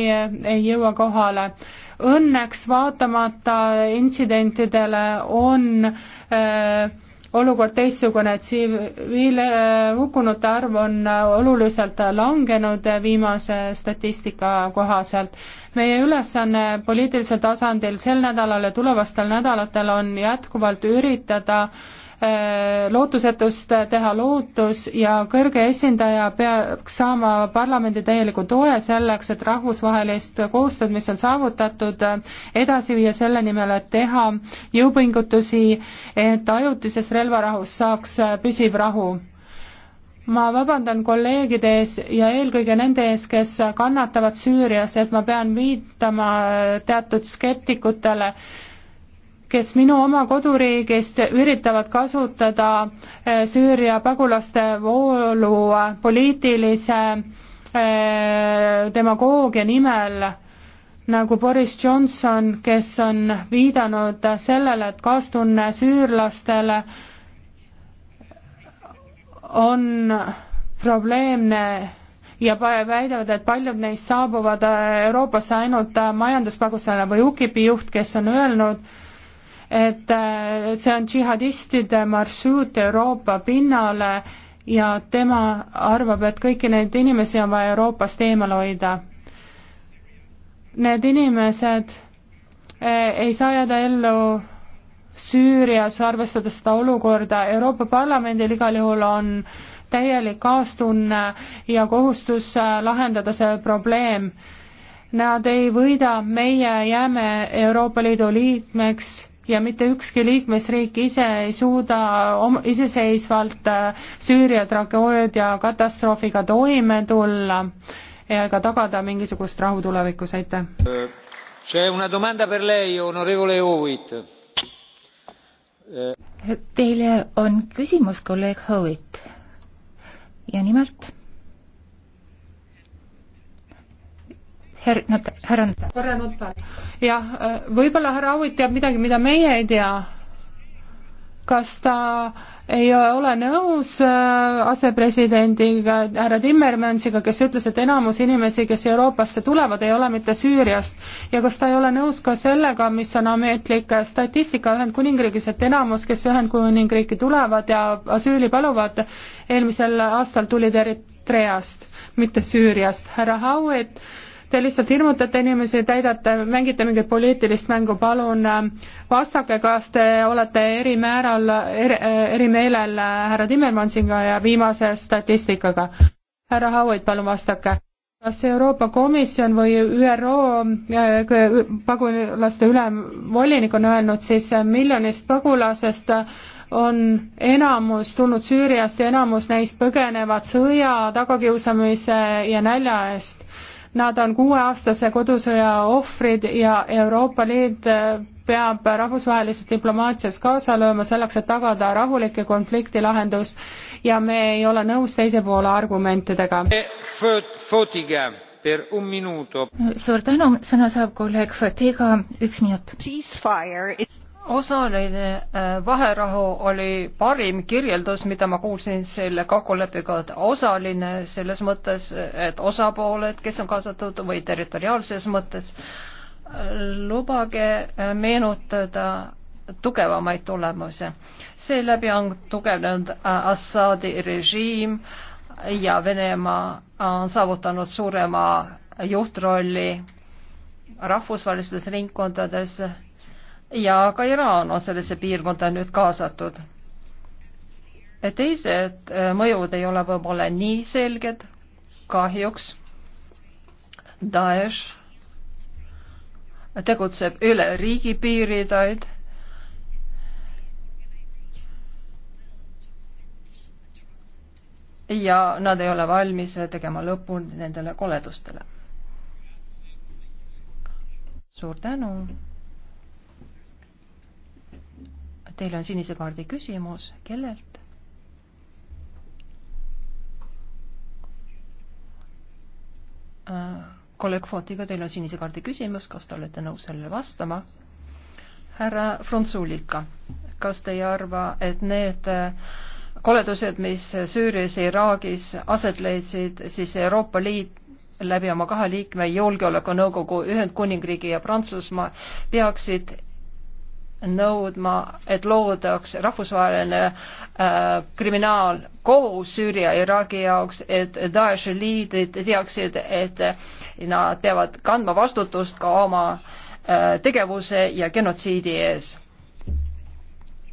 ei jõua kohale Õnneks vaatamata intsidentidele on äh, olukord teistsugune, et tsiviilhukkunute äh, arv on äh, oluliselt langenud äh, viimase statistika kohaselt. meie ülesanne poliitilisel tasandil sel nädalal ja tulevastel nädalatel on jätkuvalt üritada äh, Äh, lootusetust äh, teha lootus ja kõrge esindaja peaks saama parlamendi täieliku toe selleks, et rahvusvahelist koostööd, mis on saavutatud, äh, edasi viia selle nimel, et teha jõupingutusi, et ajutisest relvarahust saaks püsiv rahu ma vabandan kolleegide ees ja eelkõige nende ees, kes kannatavad Süürias, et ma pean viitama teatud skeptikutele, kes minu oma koduriigist üritavad kasutada eh, Süüria pagulaste voolu eh, poliitilise eh, demagoogia nimel, nagu Boris Johnson, kes on viidanud sellele, et kaastunne süürlastele on probleemne ja väidavad, et paljud neist saabuvad Euroopasse ainult majanduspagusele või UKIP-i juht, kes on öelnud, et äh, see on džihadistide marsruut Euroopa pinnale ja tema arvab, et kõiki neid inimesi on vaja Euroopast eemal hoida. Need inimesed äh, ei saa jääda ellu Süürias, arvestades seda olukorda, Euroopa Parlamendil igal juhul on täielik kaastunne ja kohustus äh, lahendada see probleem. Nad ei võida, meie jääme Euroopa Liidu liikmeks ja mitte ükski liikmesriik ise ei suuda om-, iseseisvalt äh, Süüria tragöödia katastroofiga toime tulla ega tagada mingisugust rahu tulevikus, aitäh. Teile on küsimus, kolleeg Howitt. ja nimelt härra Nutt. härra Nutt. jah, võib-olla härra Aavik teab midagi, mida meie ei tea. kas ta ei ole nõus äh, asepresidendiga härra Timmermansiga, kes ütles, et enamus inimesi, kes Euroopasse tulevad, ei ole mitte Süüriast. ja kas ta ei ole nõus ka sellega, mis on ametlik statistika Ühendkuningriigis, et enamus, kes Ühendkuningriiki tulevad ja asüüli paluvad, eelmisel aastal tulid Eritreast, mitte Süüriast. härra Howitt Te lihtsalt hirmutate inimesi, täidate, mängite mingit poliitilist mängu, palun äh, vastake, kas te olete eri määral eri,, äh, eri meelel äh, härra Timmermansiga ja viimase statistikaga. härra Howard, palun vastake kas Euroopa Komisjon või ÜRO pagulaste ülemvolinik on öelnud siis miljonist pagulasest on enamus tulnud Süüriast ja enamus neist põgenevad sõja, tagakiusamise ja nälja eest. Nad on kuueaastase kodusõja ohvrid ja Euroopa Liit äh, peab rahvusvahelises diplomaatias kaasa lööma selleks, et tagada rahulik ja konflikti lahendus ja me ei ole nõus teise poole argumentidega. Eh, suur tänu, sõna saab kolleeg Fatiga, üks minut osaline äh, vaherahu oli parim kirjeldus, mida ma kuulsin selle kokkuleppega, et osaline selles mõttes, et osapooled, kes on kaasatud või territoriaalses mõttes. lubage äh, meenutada tugevamaid tulemusi. seeläbi on tugevnenud äh, Assaadi režiim ja Venemaa on saavutanud suurema juhtrolli rahvusvahelistes ringkondades ja ka Iraan on sellesse piirkonda nüüd kaasatud. teised äh, mõjud ei ole võib-olla nii selged, kahjuks Daesh tegutseb üle riigipiiridaid ja nad ei ole valmis tegema lõpu nendele koledustele. suur tänu! Teil on sinise kaardi küsimus. Kellelt? Äh, kolleeg Footiga, teil on sinise kaardi küsimus. Kas te olete nõus sellele vastama? Härra Frontsuulika, kas te ei arva, et need äh, koledused, mis Süürias ja Iraagis aset leidsid, siis Euroopa Liit läbi oma kahe liikme julgeolekunõukogu Ühendkuningriigi ja Prantsusmaa peaksid nõudma, et loodaks rahvusvaheline äh, kriminaalkohus Süüria ja Iraagi jaoks, et Daeshi liidrid teaksid, et nad peavad kandma vastutust ka oma äh, tegevuse ja genotsiidi ees.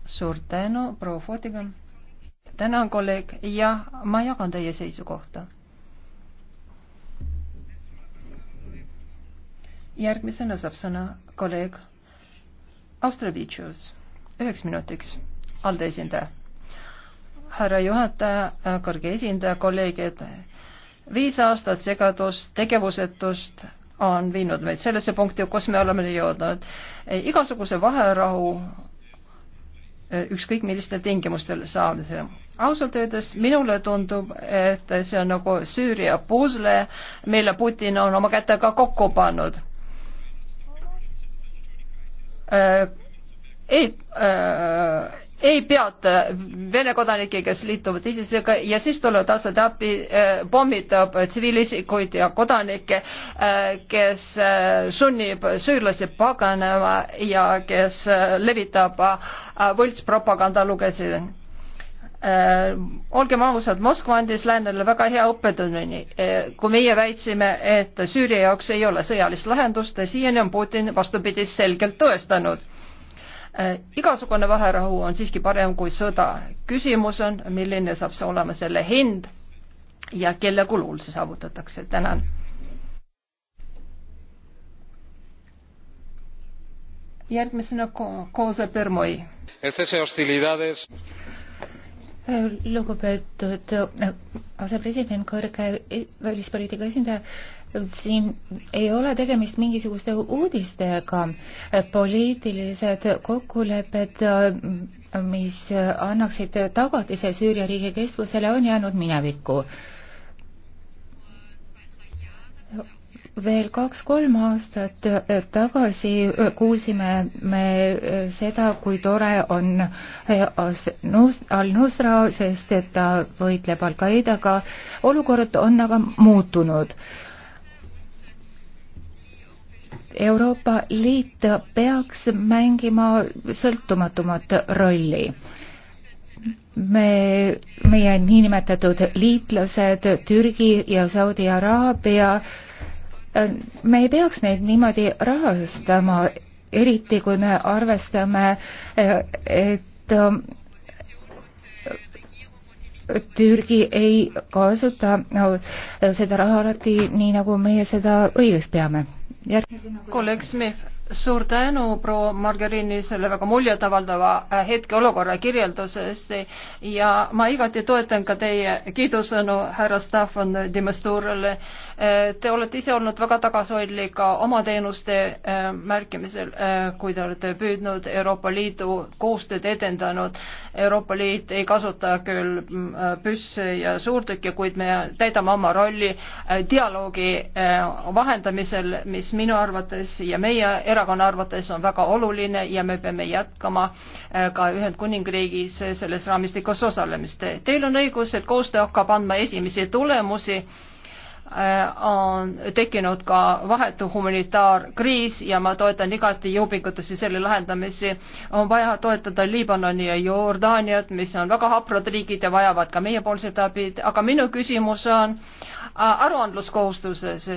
suur tänu, proua Fotiga. tänan, kolleeg, ja ma jagan teie seisukohta. järgmisena saab sõna kolleeg Austravitšus, üheks minutiks, ALDE esindaja. härra juhataja, kõrge esindaja, kolleegid, viis aastat segadust, tegevusetust on viinud meid sellesse punkti, kus me oleme jõudnud. igasuguse vaherahu ükskõik millistel tingimustel saamise. ausalt öeldes minule tundub, et see on nagu Süüria pusle, mille Putin on oma kätega kokku pannud Äh, ei äh,, ei peata Vene kodanikke, kes liituvad ISISega ja siis tulevad Assad appi äh,, pommitab tsiviilisikuid ja kodanikke äh,, kes äh, sunnib süürlasi paganema ja kes äh, levitab äh, võltspropaganda lugesid Äh, olgem ausad, Moskva andis läänele väga hea õppetunni. Äh, kui meie väitsime, et Süüria jaoks ei ole sõjalist lahendust, siiani on Putin vastupidi selgelt tõestanud. Äh, igasugune vaherahu on siiski parem kui sõda. küsimus on, milline saab see olema selle hind ja kelle kulul see saavutatakse. tänan. järgmisena Ko-, Koose Permoi lugupeetud äh, asepresident, kõrge e-, välispoliitika esindaja, siin ei ole tegemist mingisuguste uudistega. poliitilised kokkulepped, äh, mis annaksid tagatise Süüria riigi kestvusele, on jäänud minevikku veel kaks-kolm aastat tagasi kuulsime me seda, kui tore on eh, Al-Nusra, sest et ta võitleb Al-Qaedaga. olukord on aga muutunud. Euroopa Liit peaks mängima sõltumatumat rolli me, meie niinimetatud liitlased Türgi ja Saudi Araabia me ei peaks neid niimoodi rahastama, eriti kui me arvestame, et äh, Türgi ei kasuta no, seda raha alati nii, nagu meie seda õigeks peame. kolleeg Smith suur tänu proua Margerini selle väga muljetavaldava äh, hetkeolukorra kirjelduse eest ja ma igati toetan ka teie kiidusõnu härra Staffan Dimasturile. Äh, te olete ise olnud väga tagasihoidlik ka oma teenuste äh, märkimisel, kui te olete püüdnud Euroopa Liidu koostööd edendanud. Euroopa Liit ei kasuta küll mm, püsse ja suurtükke, kuid me täidame oma rolli dialoogi vahendamisel, mis minu arvates ja meie erakonna arvates on väga oluline ja me peame jätkama äh, ka Ühendkuningriigis selles raamistikus osalemist. Teil on õigus, et koostöö hakkab andma esimesi tulemusi äh, on tekkinud ka vahetu humanitaarkriis ja ma toetan igati jõupingutusi selle lahendamisi. on vaja toetada Liibanoni ja Jordaaniat, mis on väga haprad riigid ja vajavad ka meiepoolset abi, aga minu küsimus on äh, aruandluskohustuses.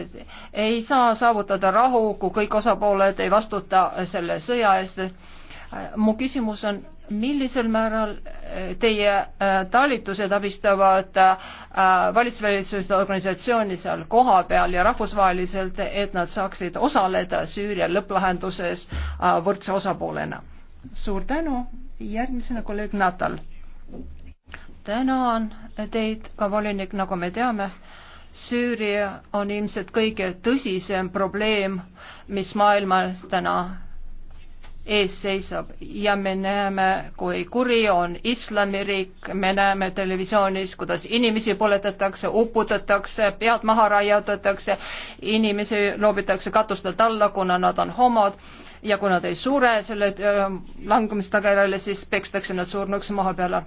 ei saa saavutada rahu, kui kõik osapooled ei vastuta selle sõja eest. mu küsimus on, millisel määral teie äh, talitused abistavad äh, valitsusväliseid organisatsioone seal kohapeal ja rahvusvaheliselt, et nad saaksid osaleda Süüria lõpplahenduses äh, võrdse osapoolena? suur tänu, järgmisena kolleeg Natal tänan teid ka volinik, nagu me teame, Süüria on ilmselt kõige tõsisem probleem, mis maailmas täna ees seisab ja me näeme, kui kuri on islamiriik, me näeme televisioonis, kuidas inimesi põletatakse, uputatakse, pead maha raiutatakse, inimesi loobitakse katustelt alla, kuna nad on homod ja kui nad ei sure selle äh, langemise tagajärjel, siis pekstakse nad surnuks maha peale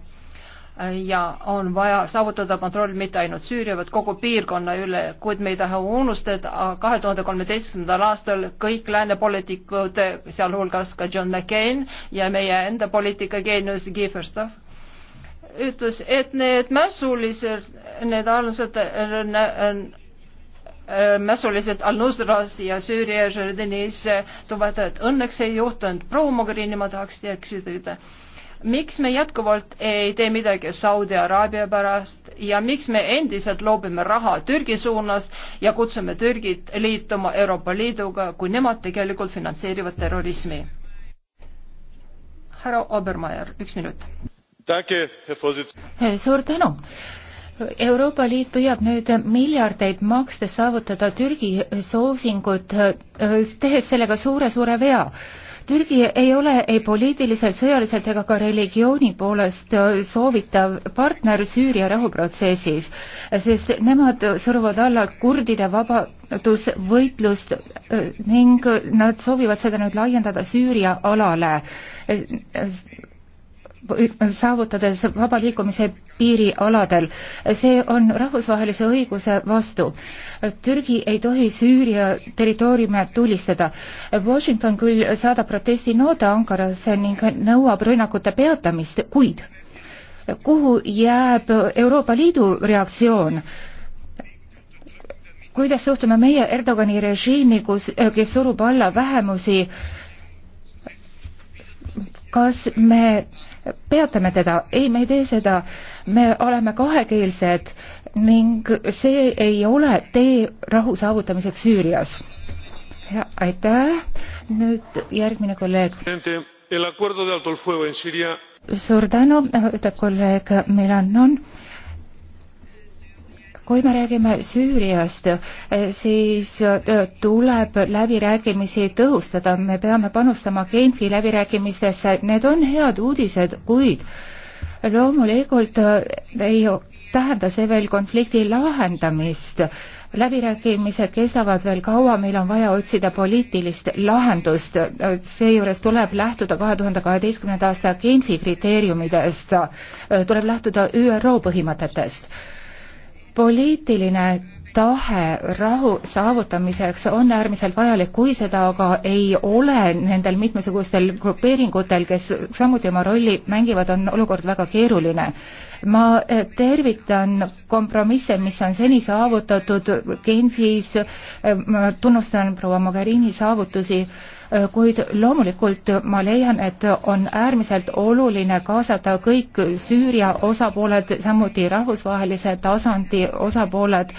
ja on vaja saavutada kontroll mitte ainult Süüria, vaid kogu piirkonna üle, kuid me ei taha unustada kahe tuhande kolmeteistkümnendal aastal kõik lääne poliitikud, sealhulgas ka John McCain ja meie enda poliitika geenius Guy Verhofstadt, ütles, et need mässulised, need armsad mässulised Al-Nusras ja Süüria ja Jordanis tuvad, et õnneks ei juhtunud. proua Mogherini ma tahaks teie küsida miks me jätkuvalt ei tee midagi Saudi Araabia pärast ja miks me endiselt loobime raha Türgi suunas ja kutsume Türgit liituma Euroopa Liiduga, kui nemad tegelikult finantseerivad terrorismi? härra Obermeier, üks minut. suur tänu. Euroopa Liit püüab nüüd miljardeid makstes saavutada Türgi soosingut, tehes sellega suure-suure vea Türgi ei ole ei poliitiliselt, sõjaliselt ega ka religiooni poolest äh, soovitav partner Süüria rahuprotsessis, sest nemad suruvad alla kurdide vabadusvõitlust äh, ning nad soovivad seda nüüd laiendada Süüria alale saavutades vaba liikumise piirialadel. see on rahvusvahelise õiguse vastu. Türgi ei tohi Süüria territooriume tulistada. Washington küll saadab protestinoode Ankarasse ning nõuab rünnakute peatamist, kuid kuhu jääb Euroopa Liidu reaktsioon? kuidas suhtume meie Erdogani režiimi, kus, kes surub alla vähemusi äh, kas me peatame teda? ei, me ei tee seda. me oleme kahekeelsed ning see ei ole tee rahu saavutamiseks Süürias. ja aitäh. nüüd järgmine kolleeg. suur tänu, ütleb kolleeg Milanon kui me räägime Süüriast, eh, siis eh, tuleb läbirääkimisi tõhustada, me peame panustama Genfi läbirääkimistesse, need on head uudised, kuid loomulikult eh, ei tähenda see veel konflikti lahendamist. läbirääkimised kestavad veel kaua, meil on vaja otsida poliitilist lahendust, seejuures tuleb lähtuda kahe tuhande kaheteistkümnenda aasta Genfi kriteeriumidest, tuleb lähtuda ÜRO põhimõtetest poliitiline tahe rahu saavutamiseks on äärmiselt vajalik, kui seda aga ei ole nendel mitmesugustel grupeeringutel, kes samuti oma rolli mängivad, on olukord väga keeruline. ma tervitan kompromisse, mis on seni saavutatud Genfis, ma tunnustan proua Mogherini saavutusi Äh, kuid loomulikult ma leian, et on äärmiselt oluline kaasata kõik Süüria osapooled, samuti rahvusvahelise tasandi osapooled,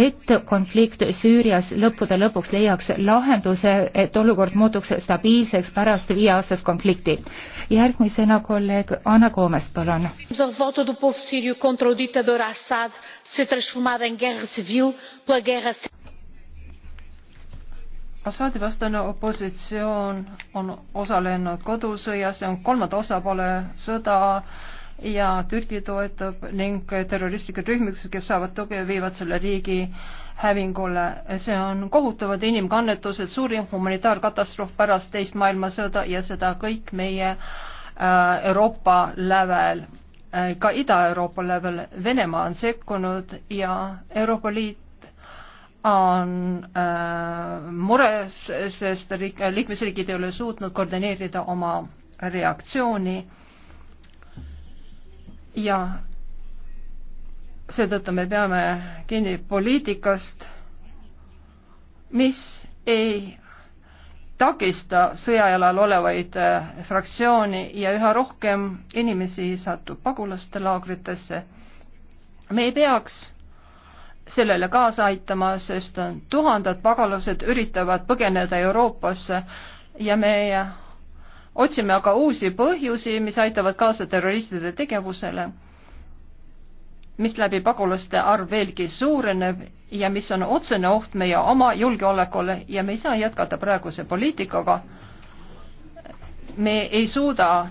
et konflikt Süürias lõppude lõpuks leiaks lahenduse, et olukord muutuks stabiilseks pärast viieaastast konflikti. järgmisena kolleeg Anna Koomes, palun. Assaadi vastane opositsioon on osalenud kodusõjas, see on kolmanda osapoole sõda ja Türgi toetab ning terroristlikud rühmitused, kes saavad tuge, viivad selle riigi hävingule. see on kohutavad inimkannetused, suurim humanitaarkatastroof pärast teist maailmasõda ja seda kõik meie äh, Euroopa lävel, äh, ka Ida-Euroopa lävel. Venemaa on sekkunud ja Euroopa Liit on äh, mures, sest riik, liikmesriigid ei ole suutnud koordineerida oma reaktsiooni ja seetõttu me peame kinni poliitikast, mis ei takista sõjajalal olevaid äh, fraktsiooni ja üha rohkem inimesi satub pagulaste laagritesse. me ei peaks sellele kaasa aitama, sest tuhanded pagalased üritavad põgeneda Euroopasse ja me otsime aga uusi põhjusi, mis aitavad kaasa terroristide tegevusele, misläbi pagulaste arv veelgi suureneb ja mis on otsene oht meie oma julgeolekule ja me ei saa jätkata praeguse poliitikaga. me ei suuda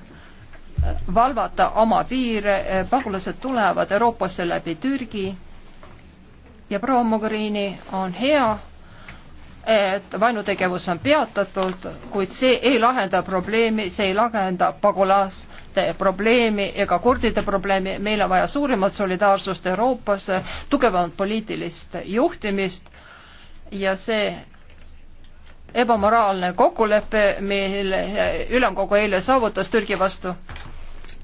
valvata oma piire, pagulased tulevad Euroopasse läbi Türgi ja proua Mogherini on hea, et vaenutegevus on peatatud, kuid see ei lahenda probleemi, see ei lahenda pagulaste probleemi ega kurdide probleemi, meil on vaja suuremat solidaarsust Euroopas, tugevamat poliitilist juhtimist ja see ebamoraalne kokkulepe, mille ülemkogu eile saavutas Türgi vastu,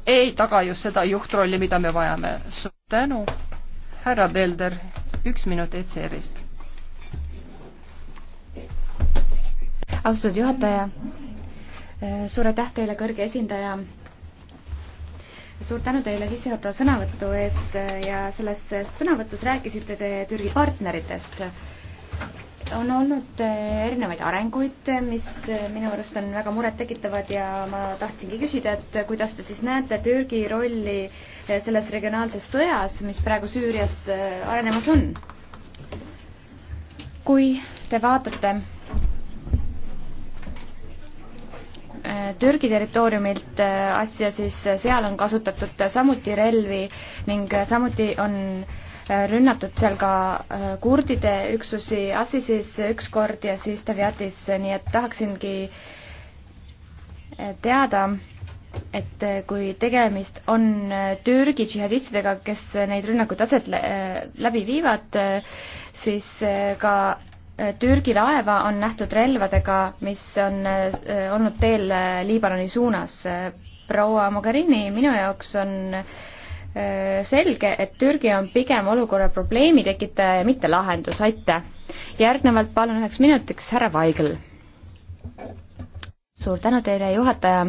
ei taga just seda juhtrolli, mida me vajame. suur tänu! härra Belder, üks minut ECR-ist. austatud juhataja, suur aitäh teile, kõrge esindaja. suur tänu teile sissejuhatava sõnavõtu eest ja selles sõnavõtus rääkisite te Türgi partneritest on olnud eh, erinevaid arenguid, eh, mis eh, minu arust on väga murettekitavad ja ma tahtsingi küsida, et kuidas te siis näete Türgi rolli selles regionaalses sõjas, mis praegu Süürias arenemas on? kui te vaatate Türgi territooriumilt asja, siis seal on kasutatud samuti relvi ning samuti on äh, Äh, rünnatud seal ka äh, kurdide üksusi Assisis ükskord ja siis Deviatis, nii et tahaksingi äh, teada, et kui tegemist on Türgi džihadistidega, kes neid rünnakuid aset läbi viivad, siis ka Türgi laeva on nähtud relvadega, mis on olnud teel Liibanoni suunas. proua Mogherini, minu jaoks on äh, Äh, selge, et Türgi on pigem olukorra probleemi tekitaja ja mitte lahendus, aitäh. järgnevalt palun üheks minutiks härra Vaigel. suur tänu teile, juhataja.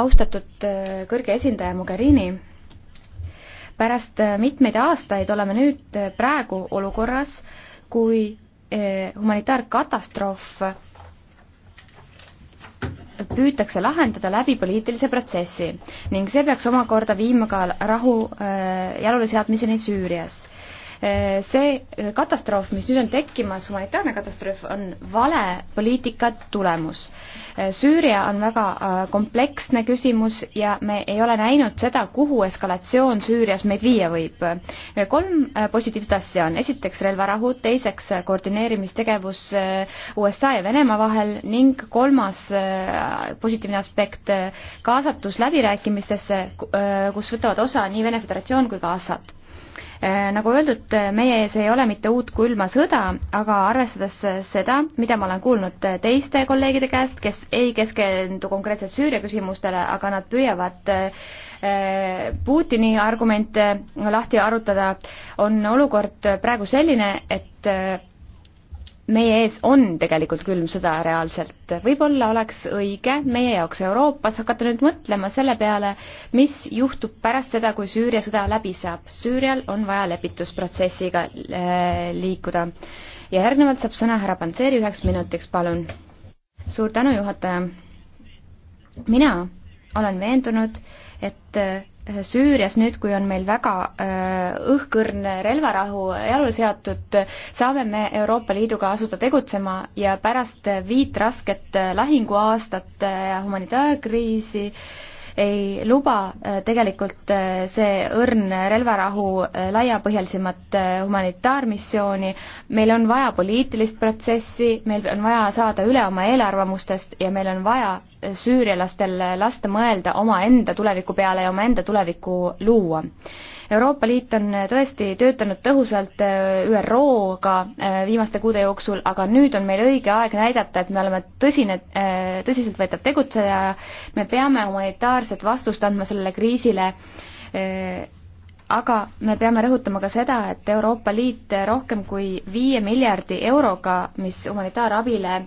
austatud äh, kõrge esindaja Mogherini, pärast äh, mitmeid aastaid oleme nüüd praegu olukorras, kui humanitaarkatastroof püütakse lahendada läbi poliitilise protsessi ning see peaks omakorda viima ka rahu äh, jaluleseadmiseni Süürias Eh, see eh, katastroof, mis nüüd on tekkimas, humanitaarne katastroof, on vale poliitika tulemus. Eh, Süüria on väga kompleksne küsimus ja me ei ole näinud seda, kuhu eskalatsioon Süürias meid viia võib. kolm positiivset asja on, esiteks relvarahu, teiseks koordineerimistegevus USA ja Venemaa vahel ning kolmas positiivne aspekt, kaasatus läbirääkimistesse, kus võtavad osa nii Vene Föderatsioon kui ka Assad Äh, nagu öeldud, meie ees ei ole mitte uut külma sõda, aga arvestades seda, mida ma olen kuulnud teiste kolleegide käest, kes ei keskendu konkreetselt Süüria küsimustele, aga nad püüavad äh, Putini argumente lahti arutada, on olukord praegu selline, et äh, meie ees on tegelikult külm sõda reaalselt. võib-olla oleks õige meie jaoks Euroopas hakata nüüd mõtlema selle peale, mis juhtub pärast seda, kui Süüria sõda läbi saab. Süürial on vaja lepitusprotsessiga äh, liikuda. ja järgnevalt saab sõna härra Pantseri üheks minutiks, palun. suur tänu, juhataja. mina olen veendunud, et äh, Süürias nüüd, kui on meil väga äh, õhkõrn relvarahu jalule seatud, saame me Euroopa Liiduga asuda tegutsema ja pärast viit rasket äh, lahinguaastat ja äh, humanitaarkriisi äh, ei luba äh, tegelikult äh, see õrn relvarahu äh, laiapõhjalisemat humanitaarmissiooni, meil on vaja poliitilist protsessi, meil on vaja saada üle oma eelarvamustest ja meil on vaja süürialastel lasta mõelda omaenda tuleviku peale ja omaenda tulevikku luua Euroopa Liit on äh, tõesti töötanud tõhusalt äh, ÜRO-ga äh, viimaste kuude jooksul, aga nüüd on meil õige aeg näidata, et me oleme tõsine, tõsiseltvõetav tegutseja, me peame humanitaarset vastust andma sellele kriisile, aga me peame rõhutama ka seda, et Euroopa Liit rohkem kui viie miljardi euroga, mis humanitaarabile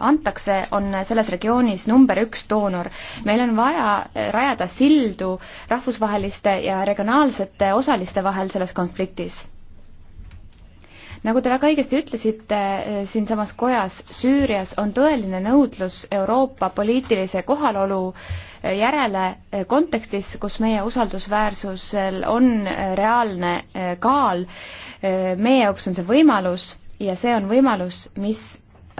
antakse, on selles regioonis number üks doonor. meil on vaja rajada sildu rahvusvaheliste ja regionaalsete osaliste vahel selles konfliktis nagu te väga õigesti ütlesite eh, siinsamas kojas, Süürias on tõeline nõudlus Euroopa poliitilise kohalolu eh, järele eh, kontekstis, kus meie usaldusväärsusel on reaalne kaal. meie jaoks on see võimalus ja see on võimalus, mis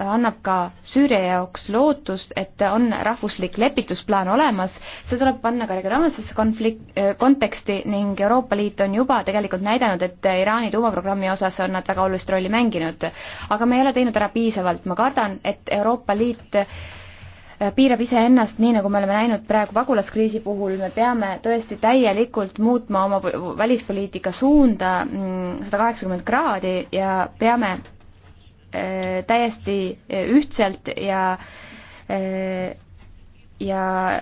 annab ka Süüria jaoks lootust, et on rahvuslik lepitusplaan olemas, see tuleb panna ka regionaalsesse konflikt, äh, konteksti ning Euroopa Liit on juba tegelikult näidanud, et Iraani tuumaprogrammi osas on nad väga olulist rolli mänginud. aga me ei ole teinud ära piisavalt, ma kardan, et Euroopa Liit äh, piirab iseennast, nii nagu me oleme näinud praegu pagulaskriisi puhul, me peame tõesti täielikult muutma oma välispoliitika suunda mm, sada kaheksakümmend kraadi ja peame Äh, täiesti äh, ühtselt ja äh, ja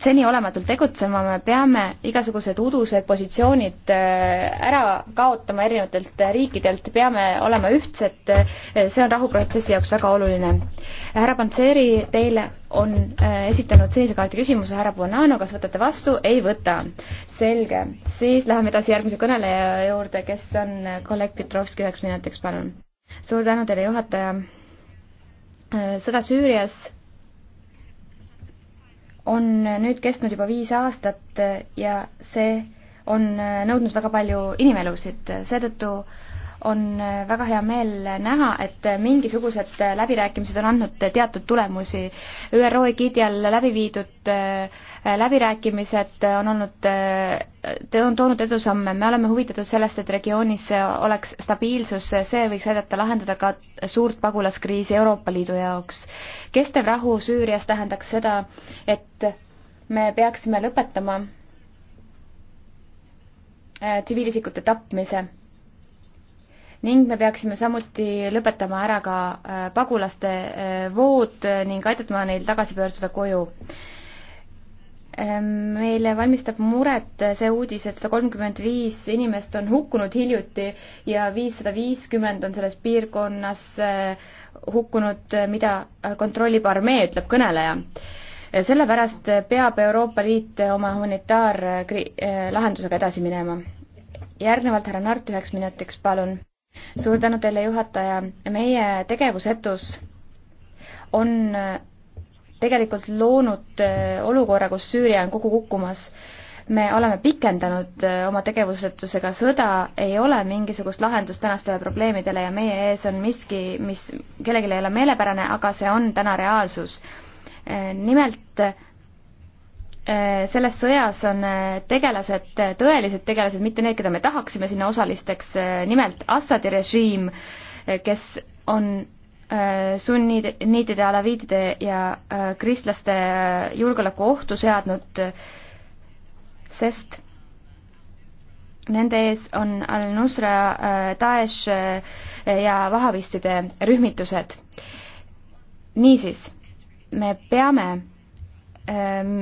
seniolematult tegutsema me peame igasugused udused positsioonid ära kaotama erinevatelt riikidelt, peame olema ühtsed, see on rahuprotsessi jaoks väga oluline. härra Pantseri, teile on esitanud sinise kaardi küsimuse härra Bonanno, kas võtate vastu? ei võta. selge, siis läheme edasi järgmise kõneleja juurde, kes on kolleeg Petrovski üheks minutiks, palun suur tänu teile, juhataja. Äh, sõda Süürias on nüüd kestnud juba viis aastat äh, ja see on äh, nõudnud väga palju inimelusid, seetõttu äh, on väga hea meel näha, et mingisugused läbirääkimised on andnud teatud tulemusi. ÜRO egiidi all läbi viidud äh, läbirääkimised on olnud, äh, on toonud edusamme, me oleme huvitatud sellest, et regioonis oleks stabiilsus, see võiks aidata lahendada ka suurt pagulaskriisi Euroopa Liidu jaoks. kestev rahu Süürias tähendaks seda, et me peaksime lõpetama äh, tsiviilisikute tapmise ning me peaksime samuti lõpetama ära ka äh, pagulaste äh, vood äh, ning aitama neil tagasi pöörduda koju. Ehm, meile valmistab muret see uudis, et sada kolmkümmend viis inimest on hukkunud hiljuti ja viissada viiskümmend on selles piirkonnas hukkunud, mida kontrollib armee, ütleb kõneleja sellepärast peab Euroopa Liit oma humanitaarlahendusega edasi minema. järgnevalt härra Nart üheks minutiks, palun suur tänu teile, juhataja. meie tegevusetus on tegelikult loonud äh, olukorra, kus Süüria on kogu kukkumas. me oleme pikendanud äh, oma tegevusetusega sõda, ei ole mingisugust lahendust tänastele probleemidele ja meie ees on miski, mis kellelegi ei ole meelepärane, aga see on täna reaalsus. Äh, nimelt Äh, selles sõjas on äh, tegelased, äh, tõelised tegelased, mitte need, keda me tahaksime sinna osalisteks, nimelt Assadi režiim, kes on sunnid, niidide, alaviidide ja kristlaste julgeoleku ohtu seadnud, sest nende ees on Al-Nusra, Daesh ja vahavistide rühmitused. niisiis, me peame ähm,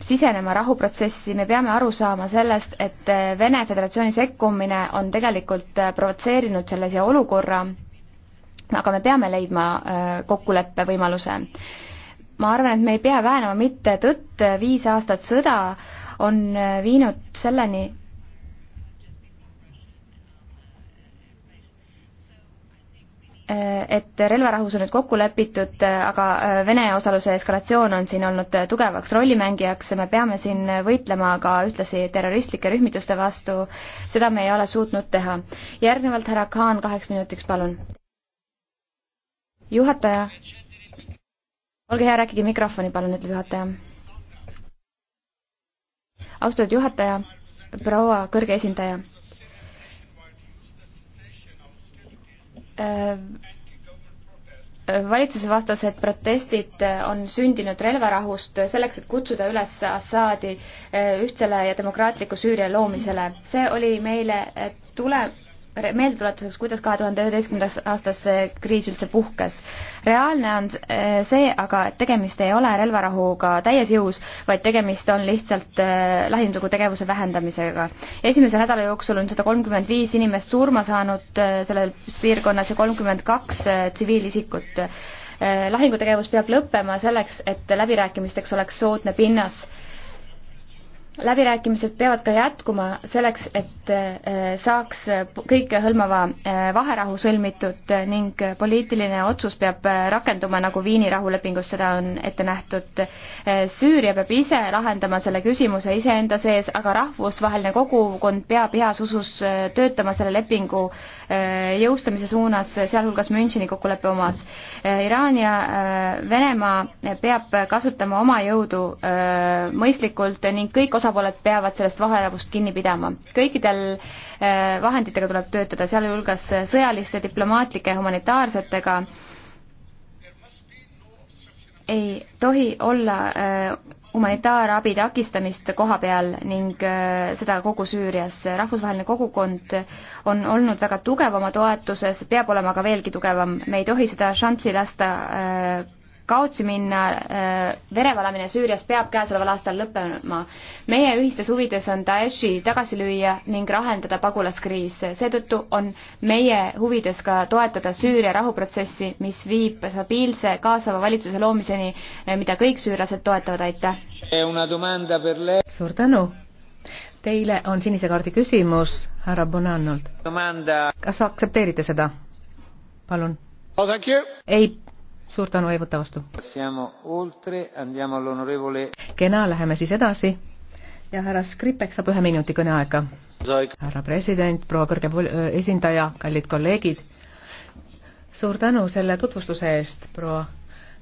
sisenema rahuprotsessi, me peame aru saama sellest, et eh, Vene Föderatsiooni sekkumine on tegelikult eh, provotseerinud selle siia olukorra, aga me peame leidma eh, kokkuleppe võimaluse. ma arvan, et me ei pea väänama mitte tõtt, viis aastat sõda on viinud selleni, Äh, et relvarahus on nüüd kokku lepitud, äh, aga äh, Vene osaluse eskalatsioon on siin olnud tugevaks rollimängijaks ja me peame siin võitlema ka ühtlasi terroristlike rühmituste vastu, seda me ei ole suutnud teha. järgnevalt härra Khan kaheks minutiks, palun. juhataja, olge hea, rääkige mikrofoni, palun, ütleb juhataja. austatud juhataja, proua kõrge esindaja Äh, valitsusevastased protestid äh, on sündinud relvarahust selleks, et kutsuda üles Assaadi äh, ühtsele ja demokraatliku Süüria loomisele. see oli meile tule, meeldetuletuseks, kuidas kahe tuhande üheteistkümnendaks aastas see kriis üldse puhkes. reaalne on eh, see aga, et tegemist ei ole relvarahuga täies jõus, vaid tegemist on lihtsalt eh, lahingutegevuse tegevuse vähendamisega. esimese nädala jooksul on sada kolmkümmend viis inimest surma saanud eh, selles piirkonnas ja kolmkümmend kaks tsiviilisikut. lahingutegevus peab lõppema selleks, et läbirääkimisteks oleks soodne pinnas läbirääkimised peavad ka jätkuma selleks, et äh, saaks kõikehõlmava äh, vaherahu sõlmitud ning poliitiline otsus peab äh, rakenduma, nagu Viini rahulepingus seda on ette nähtud. Süüria peab ise lahendama selle küsimuse iseenda sees, aga rahvusvaheline kogukond peab heas usus töötama selle lepingu jõustamise suunas, sealhulgas Müncheni kokkuleppe omas. Iraan ja Venemaa peab kasutama oma jõudu mõistlikult ning kõik osad osapooled peavad sellest vaheelevust kinni pidama. kõikidel äh, vahenditega tuleb töötada, sealhulgas äh, sõjaliste, diplomaatlike, humanitaarsetega. ei tohi olla äh, humanitaarabi takistamist koha peal ning seda kogu Süürias. rahvusvaheline kogukond on olnud väga tugev oma toetuses, peab olema ka veelgi tugevam. me ei tohi seda šanssi lasta kaotsi minna äh, verevalamine Süürias peab käesoleval aastal lõppema. meie ühistes huvides on Daeshi tagasi lüüa ning lahendada pagulaskriis. seetõttu on meie huvides ka toetada Süüria rahuprotsessi, mis viib stabiilse kaasava valitsuse loomiseni, äh, mida kõik süürlased toetavad, aitäh! suur tänu! Teile on sinise kaardi küsimus härra Bonannolt. kas aktsepteerite seda? palun. Oh, ei suur tänu, ei võta vastu. kena, läheme siis edasi ja härra Skripek saab ühe minuti kõneaega. härra president, proua kõrge äh, esindaja, kallid kolleegid, suur tänu selle tutvustuse eest, proua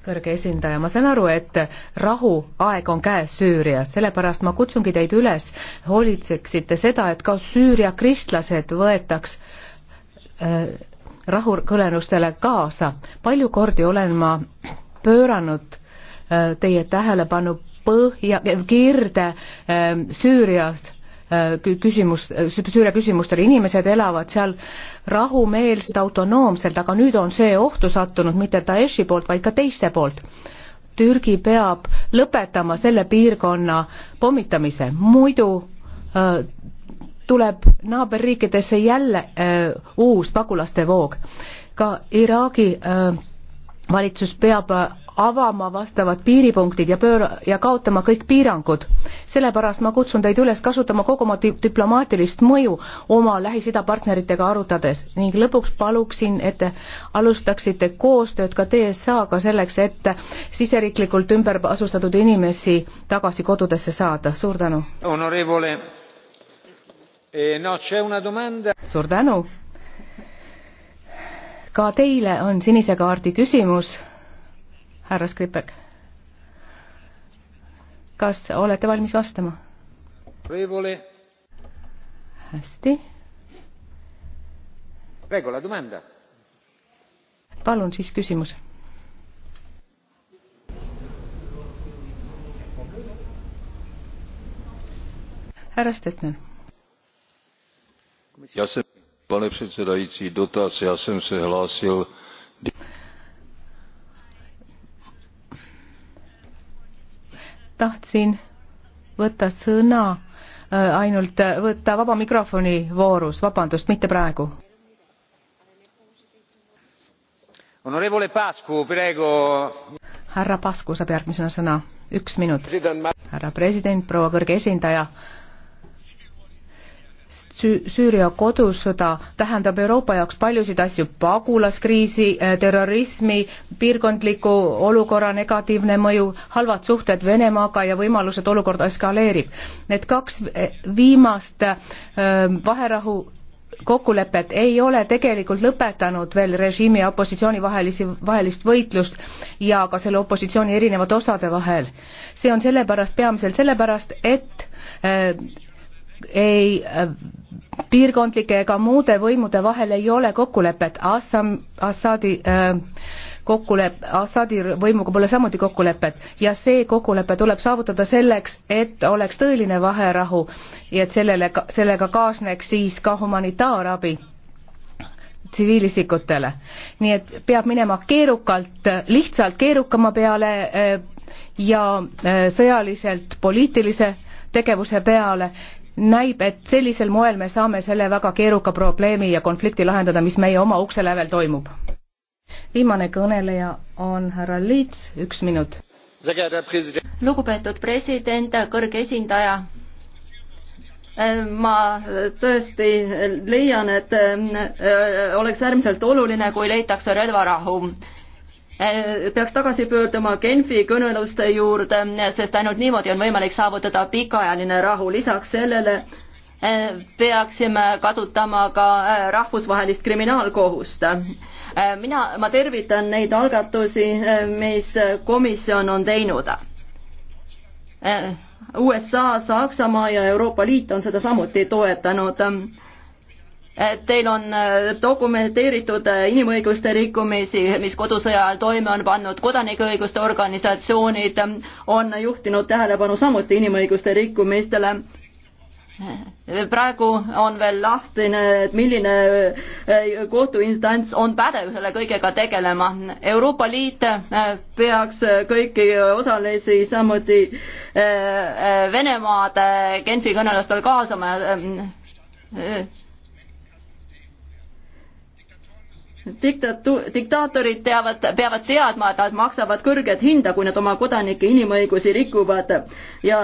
kõrge esindaja, ma saan aru, et rahuaeg on käes Süürias, sellepärast ma kutsungi teid üles, hoolitseksite seda, et ka Süüria kristlased võetaks äh, rahukõnelustele kaasa. palju kordi olen ma pööranud äh, teie tähelepanu põhja, kirde ähm, Süürias äh, küsimus, äh, Süüria küsimustele, inimesed elavad seal rahumeelselt, autonoomselt, aga nüüd on see ohtu sattunud mitte Daeshi poolt, vaid ka teiste poolt. Türgi peab lõpetama selle piirkonna pommitamise, muidu tuleb naaberriikidesse jälle äh, uus pagulaste voog. ka Iraagi äh, valitsus peab äh, avama vastavad piiripunktid ja pööra- ja kaotama kõik piirangud. sellepärast ma kutsun teid üles kasutama kogu oma diplomaatilist mõju oma Lähis-Ida partneritega arutades ning lõpuks paluksin, et te alustaksite koostööd ka TSA-ga selleks, et siseriiklikult ümber asustatud inimesi tagasi kodudesse saada. suur tänu. Eh, no, suur tänu. ka teile on sinise kaardi küsimus, härra Skripek. kas olete valmis vastama? hästi. palun siis küsimus härra Stetner pane předsedající dotaz já jsem se hlásil. tahtsin võtta sõna äh, ainult äh, võtta vaba mikrofoni voorus vabandust mitte praegu. härra pascu saab järgmisena sõna üks minut. härra president proua kõrge esindaja Süüria kodusõda tähendab Euroopa jaoks paljusid asju, pagulaskriisi, äh, terrorismi, piirkondliku olukorra negatiivne mõju, halvad suhted Venemaaga ja võimalused olukorda eskaleerib. Need kaks äh, viimast äh, vaherahu kokkulepet ei ole tegelikult lõpetanud veel režiimi ja opositsiooni vahelisi, vahelist võitlust ja ka selle opositsiooni erinevate osade vahel. see on sellepärast, peamiselt sellepärast, et ei äh, piirkondlike ega muude võimude vahel ei ole kokkulepet, Assam, Assadi äh, kokkulepp, Assadi võimuga pole samuti kokkulepet ja see kokkulepe tuleb saavutada selleks, et oleks tõeline vaherahu ja et sellele, sellega kaasneks siis ka humanitaarabi tsiviilisikutele. nii et peab minema keerukalt, lihtsalt keerukama peale äh, ja sõjaliselt poliitilise tegevuse peale näib, et sellisel moel me saame selle väga keeruka probleemi ja konflikti lahendada, mis meie oma ukse lävel toimub. viimane kõneleja on härra Liits, üks minut. lugupeetud president, kõrge esindaja ma tõesti leian, et äh, oleks äärmiselt oluline, kui leitakse relvarahu Äh, peaks tagasi pöörduma Genfi kõneluste juurde, sest ainult niimoodi on võimalik saavutada pikaajaline rahu. lisaks sellele äh, peaksime kasutama ka äh, rahvusvahelist kriminaalkohust. mina, ma tervitan neid algatusi, mis komisjon on teinud. USA, Saksamaa ja Euroopa Liit on seda samuti toetanud Teil on äh, dokumenteeritud äh, inimõiguste rikkumisi, mis kodusõja ajal toime on pannud, kodanikuõiguste organisatsioonid ähm, on juhtinud tähelepanu samuti inimõiguste rikkumistele praegu on veel lahtine, et milline äh, kohtuinstants on pädev selle kõigega tegelema. Euroopa Liit peaks kõiki osalisi, samuti Venemaad Genfi kõnelustel kaasama diktatu-, diktaatorid teavad, peavad teadma, et nad maksavad kõrget hinda, kui nad oma kodanike inimõigusi rikuvad. ja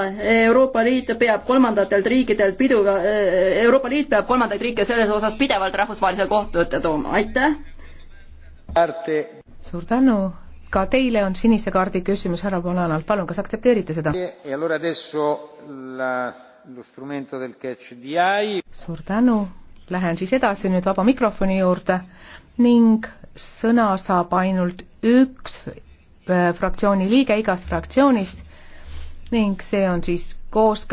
Euroopa Liit peab kolmandatelt riikidelt pidu, äh, Euroopa Liit peab kolmandaid riike selles osas pidevalt rahvusvahelise kohtu ette tooma, aitäh! suur tänu, ka teile on sinise kaardi küsimus härra Polanalt, palun, kas aktsepteerite seda? E suur tänu, lähen siis edasi nüüd vaba mikrofoni juurde ning sõna saab ainult üks äh, fraktsiooni liige igast fraktsioonist ning see on siis koos,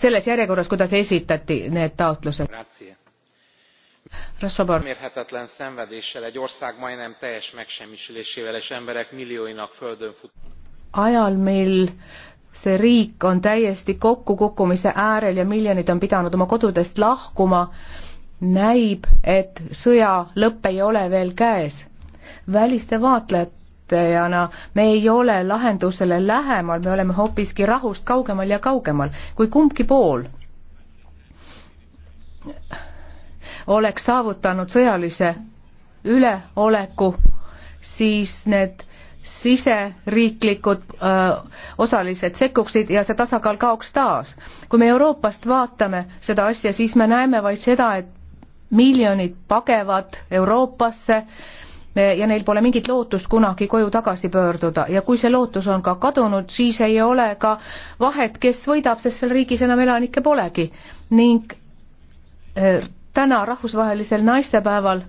selles järjekorras, kuidas esitati need taotlused. mérhetetlen szenvedéssel egy ország majdnem teljes megsemmisülésével és emberek millióinak földön fut- ajal, mil see riik on täiesti kokkukukkumise äärel ja miljonid on pidanud oma kodudest lahkuma, näib, et sõja lõpp ei ole veel käes. väliste vaatlejana me ei ole lahendusele lähemal, me oleme hoopiski rahust kaugemal ja kaugemal, kui kumbki pool oleks saavutanud sõjalise üleoleku, siis need siseriiklikud öö, äh, osalised sekkuksid ja see tasakaal kaoks taas. kui me Euroopast vaatame seda asja, siis me näeme vaid seda, et miljonid pagevad Euroopasse eh, ja neil pole mingit lootust kunagi koju tagasi pöörduda ja kui see lootus on ka kadunud, siis ei ole ka vahet, kes võidab, sest seal riigis enam elanikke polegi. ning eh, täna rahvusvahelisel naistepäeval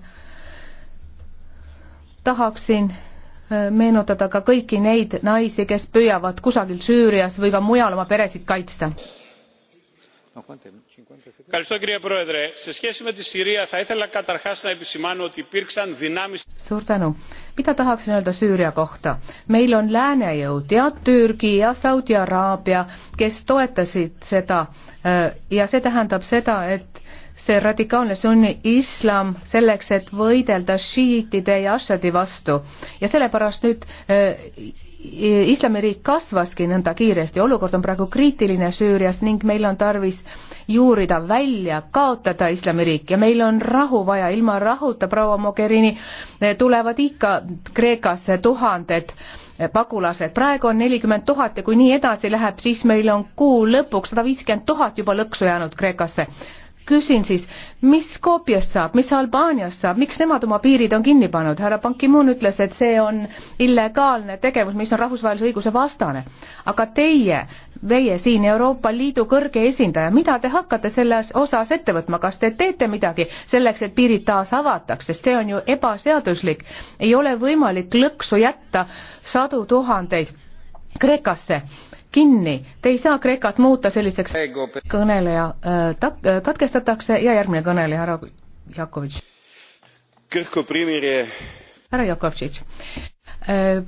tahaksin eh, meenutada ka kõiki neid naisi, kes püüavad kusagil Süürias või ka mujal oma peresid kaitsta κύριε πρόεδρε σε σχέση με τη Συρία θα ήθελα καταρχάς να επισημάνω ότι υπήρξαν δυνάμεις... Suur tänu. Mitä tahaksin öelda Syyria kohta? Meil on läänejõud ja Türgi ja Saudi Araabia, kes toetasid seda äh, ja see tähendab seda, et see radikaalne sunni islam selleks, et võidelda šiitide ja Assadi vastu ja sellepärast nüüd äh, islamiriik kasvaski nõnda kiiresti, olukord on praegu kriitiline Süürias ning meil on tarvis juurida välja, kaotada islamiriik ja meil on rahu vaja, ilma rahuta, proua Mogherini, tulevad ikka Kreekasse tuhanded pagulased, praegu on nelikümmend tuhat ja kui nii edasi läheb, siis meil on kuu lõpuks sada viiskümmend tuhat juba lõksu jäänud Kreekasse küsin siis, mis Skopjast saab, mis Albaaniast saab, miks nemad oma piirid on kinni pannud? härra Ban Ki-moon ütles, et see on illegaalne tegevus, mis on rahvusvahelise õiguse vastane. aga teie, meie siin Euroopa Liidu kõrge esindaja, mida te hakkate selles osas ette võtma, kas te teete midagi selleks, et piirid taas avataks, sest see on ju ebaseaduslik. ei ole võimalik lõksu jätta sadu tuhandeid Kreekasse kinni. Te ei saa Kreekat muuta selliseks kõneleja äh, tak-, äh, katkestatakse ja järgmine kõneleja, härra Jakovitš. härra Jakovtšitš äh,.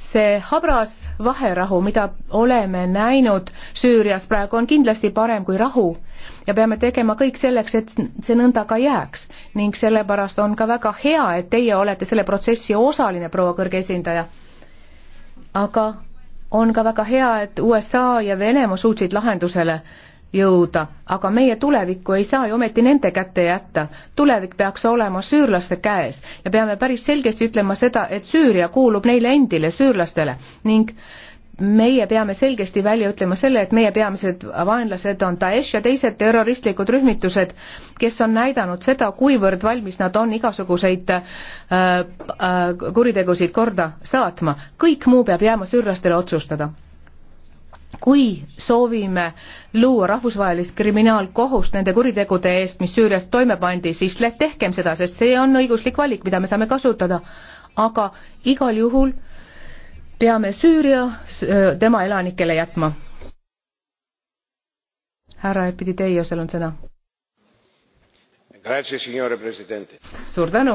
see habras vaherahu, mida oleme näinud Süürias praegu, on kindlasti parem kui rahu ja peame tegema kõik selleks, et see nõnda ka jääks ning sellepärast on ka väga hea, et teie olete selle protsessi osaline, proua kõrge esindaja. aga on ka väga hea, et USA ja Venemaa suutsid lahendusele jõuda, aga meie tulevikku ei saa ju ometi nende kätte jätta. tulevik peaks olema süürlaste käes ja peame päris selgesti ütlema seda, et Süüria kuulub neile endile, süürlastele ning äh, meie peame selgesti välja ütlema selle, et meie peamised vaenlased on Daesh ja teised terroristlikud rühmitused, kes on näidanud seda, kuivõrd valmis nad on igasuguseid äh, äh, kuritegusid korda saatma. kõik muu peab jääma sürlastele otsustada. kui soovime luua rahvusvahelist kriminaalkohust nende kuritegude eest, mis Süürias toime pandi, siis tehkem seda, sest see on õiguslik valik, mida me saame kasutada. aga igal juhul äh, peame Süüria tema elanikele jätma. härra Epiditeiosel on sõna. suur tänu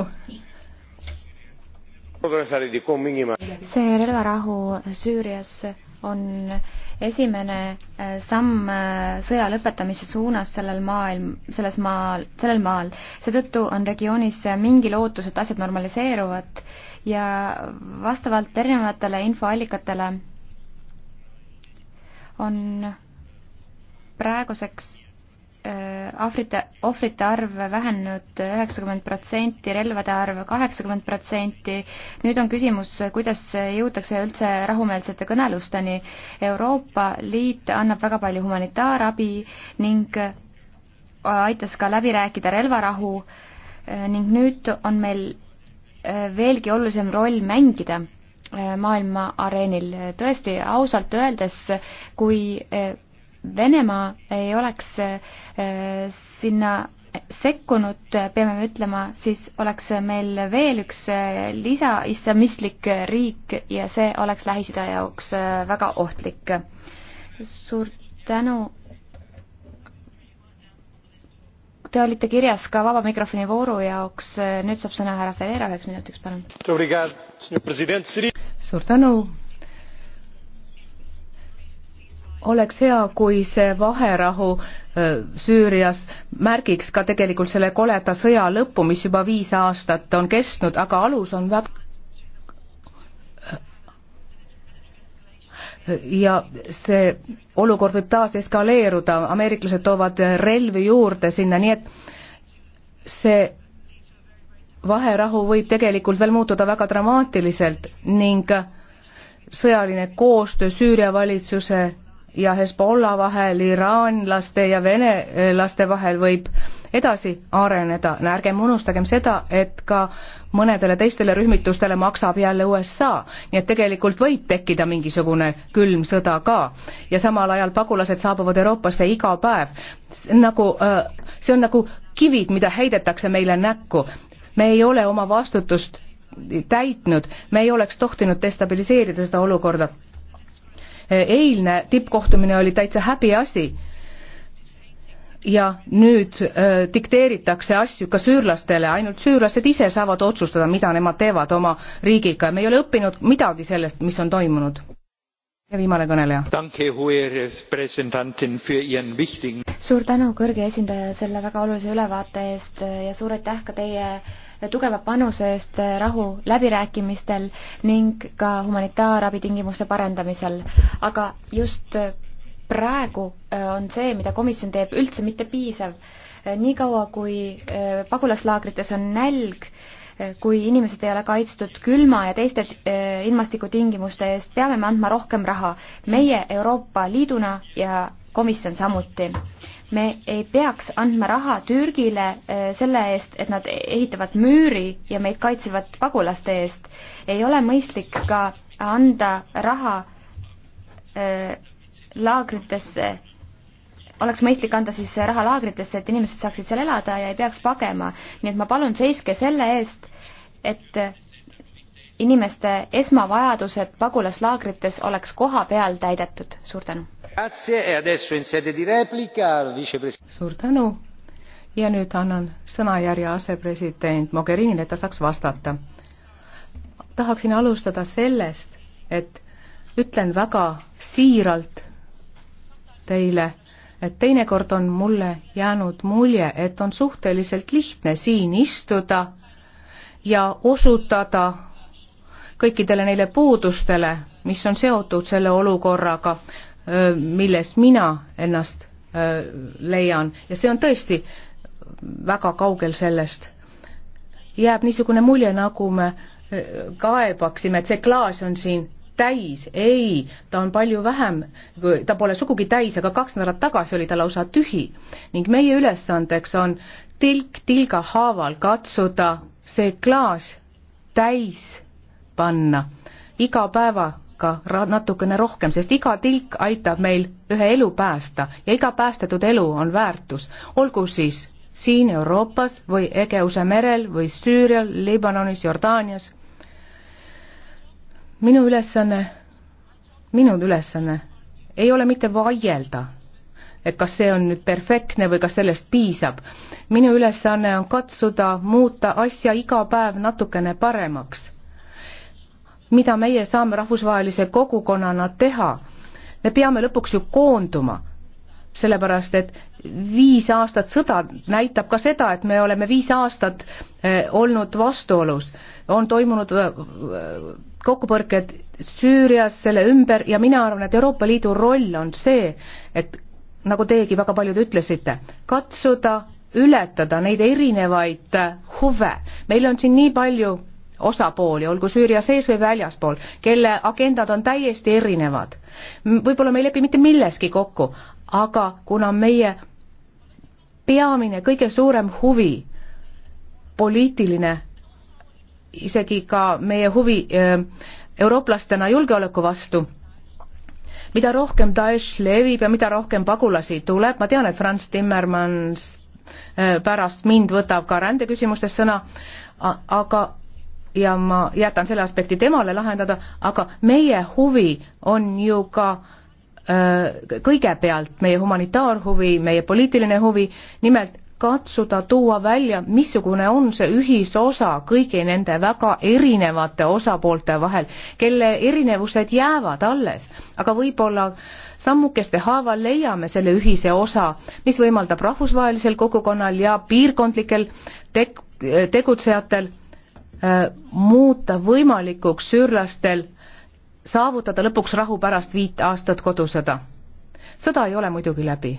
see relvarahu Süürias on esimene äh, samm äh, sõja lõpetamise suunas sellel maailm, selles maal, sellel maal. seetõttu on regioonis mingi lootus, et asjad normaliseeruvad ja vastavalt erinevatele infoallikatele on praeguseks Äh, ahvrite, ohvrite arv vähenenud üheksakümmend protsenti, relvade arv kaheksakümmend protsenti. nüüd on küsimus, kuidas jõutakse üldse rahumeelsete kõnelusteni. Euroopa Liit annab väga palju humanitaarabi ning aitas ka läbi rääkida relvarahu äh, ning nüüd on meil äh, veelgi olulisem roll mängida maailma areenil. tõesti, ausalt öeldes, kui Venemaa ei oleks äh, sinna sekkunud, peame me ütlema, siis oleks meil veel üks äh, lisaislamistlik riik ja see oleks Lähis-Ida jaoks äh, väga ohtlik. suur tänu. Te olite kirjas ka vaba mikrofoni vooru jaoks, nüüd saab sõna härra Ferreira üheks minutiks, palun. suur tänu, oleks hea, kui see vaherahu Süürias märgiks ka tegelikult selle koleda sõja lõppu, mis juba viis aastat on kestnud, aga alus on väga ja see olukord võib taas eskaleeruda, ameeriklased toovad relvi juurde sinna, nii et see vaherahu võib tegelikult veel muutuda väga dramaatiliselt ning sõjaline koostöö Süüria valitsuse ja Hezbollah vahel, iraanlaste ja venelaste vahel võib edasi areneda. ärgem unustagem seda, et ka mõnedele teistele rühmitustele maksab jälle USA, nii et tegelikult võib tekkida mingisugune külm sõda ka. ja samal ajal pagulased saabuvad Euroopasse iga päev. nagu, äh, see on nagu kivid, mida heidetakse meile näkku. me ei ole oma vastutust täitnud, me ei oleks tohtinud destabiliseerida seda olukorda eilne tippkohtumine oli täitsa häbiasi. ja nüüd öö, äh, dikteeritakse asju ka süürlastele, ainult süürlased ise saavad otsustada, mida nemad teevad oma riigiga ja me ei ole õppinud midagi sellest, mis on toimunud ja viimane kõneleja. suur tänu, kõrge esindaja, selle väga olulise ülevaate eest ja suur aitäh ka teie tugeva panuse eest eh, rahu läbirääkimistel ning ka humanitaarabi tingimuste parendamisel. aga just eh, praegu eh, on see, mida komisjon teeb, üldse mitte piisav. niikaua, kui pagulaslaagrites on nälg, kui inimesed ei ole kaitstud külma ja teiste ilmastikutingimuste eest, peame me andma rohkem raha. meie Euroopa Liiduna ja komisjon samuti me ei peaks andma raha Türgile äh, selle eest, et nad ehitavad müüri ja meid kaitsevad pagulaste eest. ei ole mõistlik ka anda raha äh, laagritesse, oleks mõistlik anda siis raha laagritesse, et inimesed saaksid seal elada ja ei peaks pagema. nii et ma palun, seiske selle eest, et inimeste esmavajadused pagulaslaagrites oleks koha peal täidetud. suur tänu! E suur tänu ja nüüd annan sõnajärje asepresident Mogherinile, et ta saaks vastata. tahaksin alustada sellest, et ütlen väga siiralt teile, et teinekord on mulle jäänud mulje, et on suhteliselt lihtne siin istuda ja osutada kõikidele neile puudustele, mis on seotud selle olukorraga, millest mina ennast leian ja see on tõesti väga kaugel sellest. jääb niisugune mulje, nagu me kaebaksime, et see klaas on siin täis, ei, ta on palju vähem, ta pole sugugi täis, aga kaks nädalat tagasi oli ta lausa tühi. ning meie ülesandeks on tilk tilga haaval katsuda see klaas täis panna. iga päeva tilka natukene rohkem, sest iga tilk aitab meil ühe elu päästa ja iga päästetud elu on väärtus, olgu siis siin Euroopas või Egeuse merel või Süürial, Liibanonis, Jordaanias. minu ülesanne, minu ülesanne ei ole mitte vaielda, et kas see on nüüd perfektne või kas sellest piisab. minu ülesanne on katsuda muuta asja iga päev natukene paremaks mida meie saame rahvusvahelise kogukonnana teha. me peame lõpuks ju koonduma, sellepärast et viis aastat sõda näitab ka seda, et me oleme viis aastat eh, olnud vastuolus, on toimunud eh, kokkupõrked Süürias, selle ümber ja mina arvan, et Euroopa Liidu roll on see, et nagu teiegi väga paljud ütlesite, katsuda ületada neid erinevaid eh, huve. meil on siin nii palju osapooli, olgu Süüria sees või väljaspool, kelle agendad on täiesti erinevad. võib-olla me ei lepi mitte milleski kokku, aga kuna meie peamine, kõige suurem huvi, poliitiline, isegi ka meie huvi eurooplastena julgeoleku vastu, mida rohkem Daesh levib ja mida rohkem pagulasi tuleb, ma tean, et Franz Timmermann pärast mind võtab ka rändeküsimustes sõna, aga ja ma jätan selle aspekti temale lahendada, aga meie huvi on ju ka öö, äh, kõigepealt meie humanitaarhuvi, meie poliitiline huvi, nimelt katsuda tuua välja, missugune on see ühisosa kõigi nende väga erinevate osapoolte vahel, kelle erinevused jäävad alles, aga võib-olla sammukeste haaval leiame selle ühise osa, mis võimaldab rahvusvahelisel kogukonnal ja piirkondlikel teg-, tegutsejatel Äh, muuta võimalikuks süürlastel saavutada lõpuks rahu pärast viit aastat kodusõda. sõda ei ole muidugi läbi.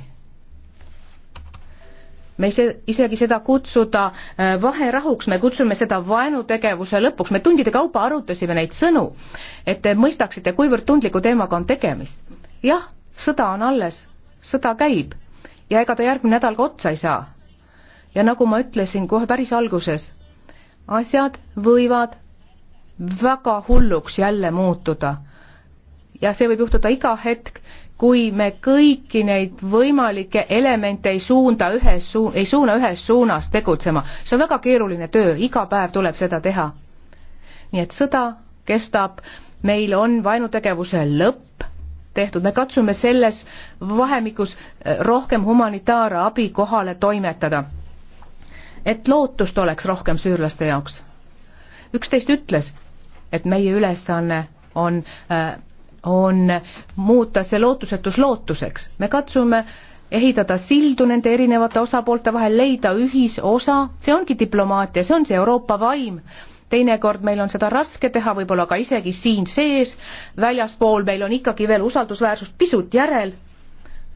me ei se-, isegi seda kutsuda äh, vaherahuks, me kutsume seda vaenutegevuse lõpuks, me tundide kaupa arutasime neid sõnu, et te mõistaksite, kuivõrd tundliku teemaga on tegemist. jah, sõda on alles, sõda käib ja ega ta järgmine nädal ka otsa ei saa. ja nagu ma ütlesin kohe päris alguses asjad võivad väga hulluks jälle muutuda. ja see võib juhtuda iga hetk, kui me kõiki neid võimalikke elemente ei suunda ühes suu-, ei suuna ühes suunas tegutsema. see on väga keeruline töö, iga päev tuleb seda teha. nii et sõda kestab, meil on vaenutegevuse lõpp tehtud, me katsume selles vahemikus eh, rohkem humanitaarabi kohale toimetada et lootust oleks rohkem süürlaste jaoks. üksteist ütles, et meie ülesanne on äh, on muuta see lootusetus lootuseks. me katsume ehitada sildu nende erinevate osapoolte vahel, leida ühisosa, see ongi diplomaatia, see on see Euroopa vaim. teinekord meil on seda raske teha, võib-olla ka isegi siin sees, väljaspool meil on ikkagi veel usaldusväärsust pisut järel,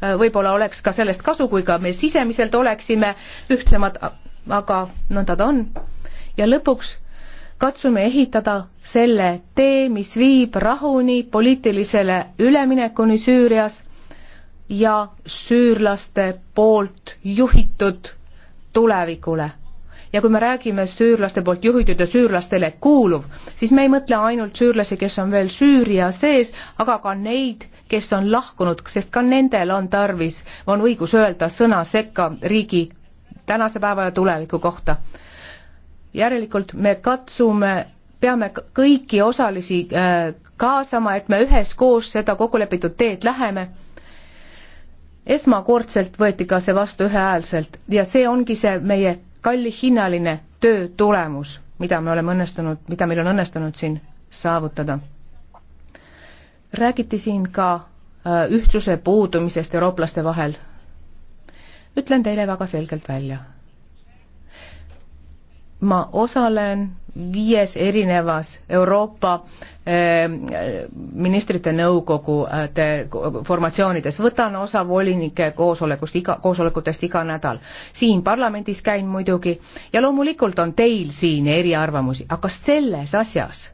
äh, võib-olla oleks ka sellest kasu, kui ka me sisemiselt oleksime ühtsemad, aga nõnda ta on. ja lõpuks katsume ehitada selle tee, mis viib rahuni poliitilisele üleminekuni Süürias ja süürlaste poolt juhitud tulevikule. ja kui me räägime süürlaste poolt juhitud ja süürlastele kuuluv, siis me ei mõtle ainult süürlasi, kes on veel Süüria sees, aga ka neid, kes on lahkunud, sest ka nendel on tarvis, on õigus öelda sõna sekka riigi tänase päeva ja tuleviku kohta. järelikult me katsume, peame kõiki osalisi äh, kaasama, et me üheskoos seda kokkulepitud teed läheme esmakordselt võeti ka see vastu ühehäälselt ja see ongi see meie kallihinnaline töö tulemus, mida me oleme õnnestunud, mida meil on õnnestunud siin saavutada. räägiti siin ka äh, ühtsuse puudumisest eurooplaste vahel ütlen teile väga selgelt välja. ma osalen viies erinevas Euroopa ähm, ministrite nõukogude äh, formatsioonides, võtan osa volinike koosolekust iga, koosolekutest iga nädal. siin parlamendis käin muidugi ja loomulikult on teil siin eriarvamusi, aga selles asjas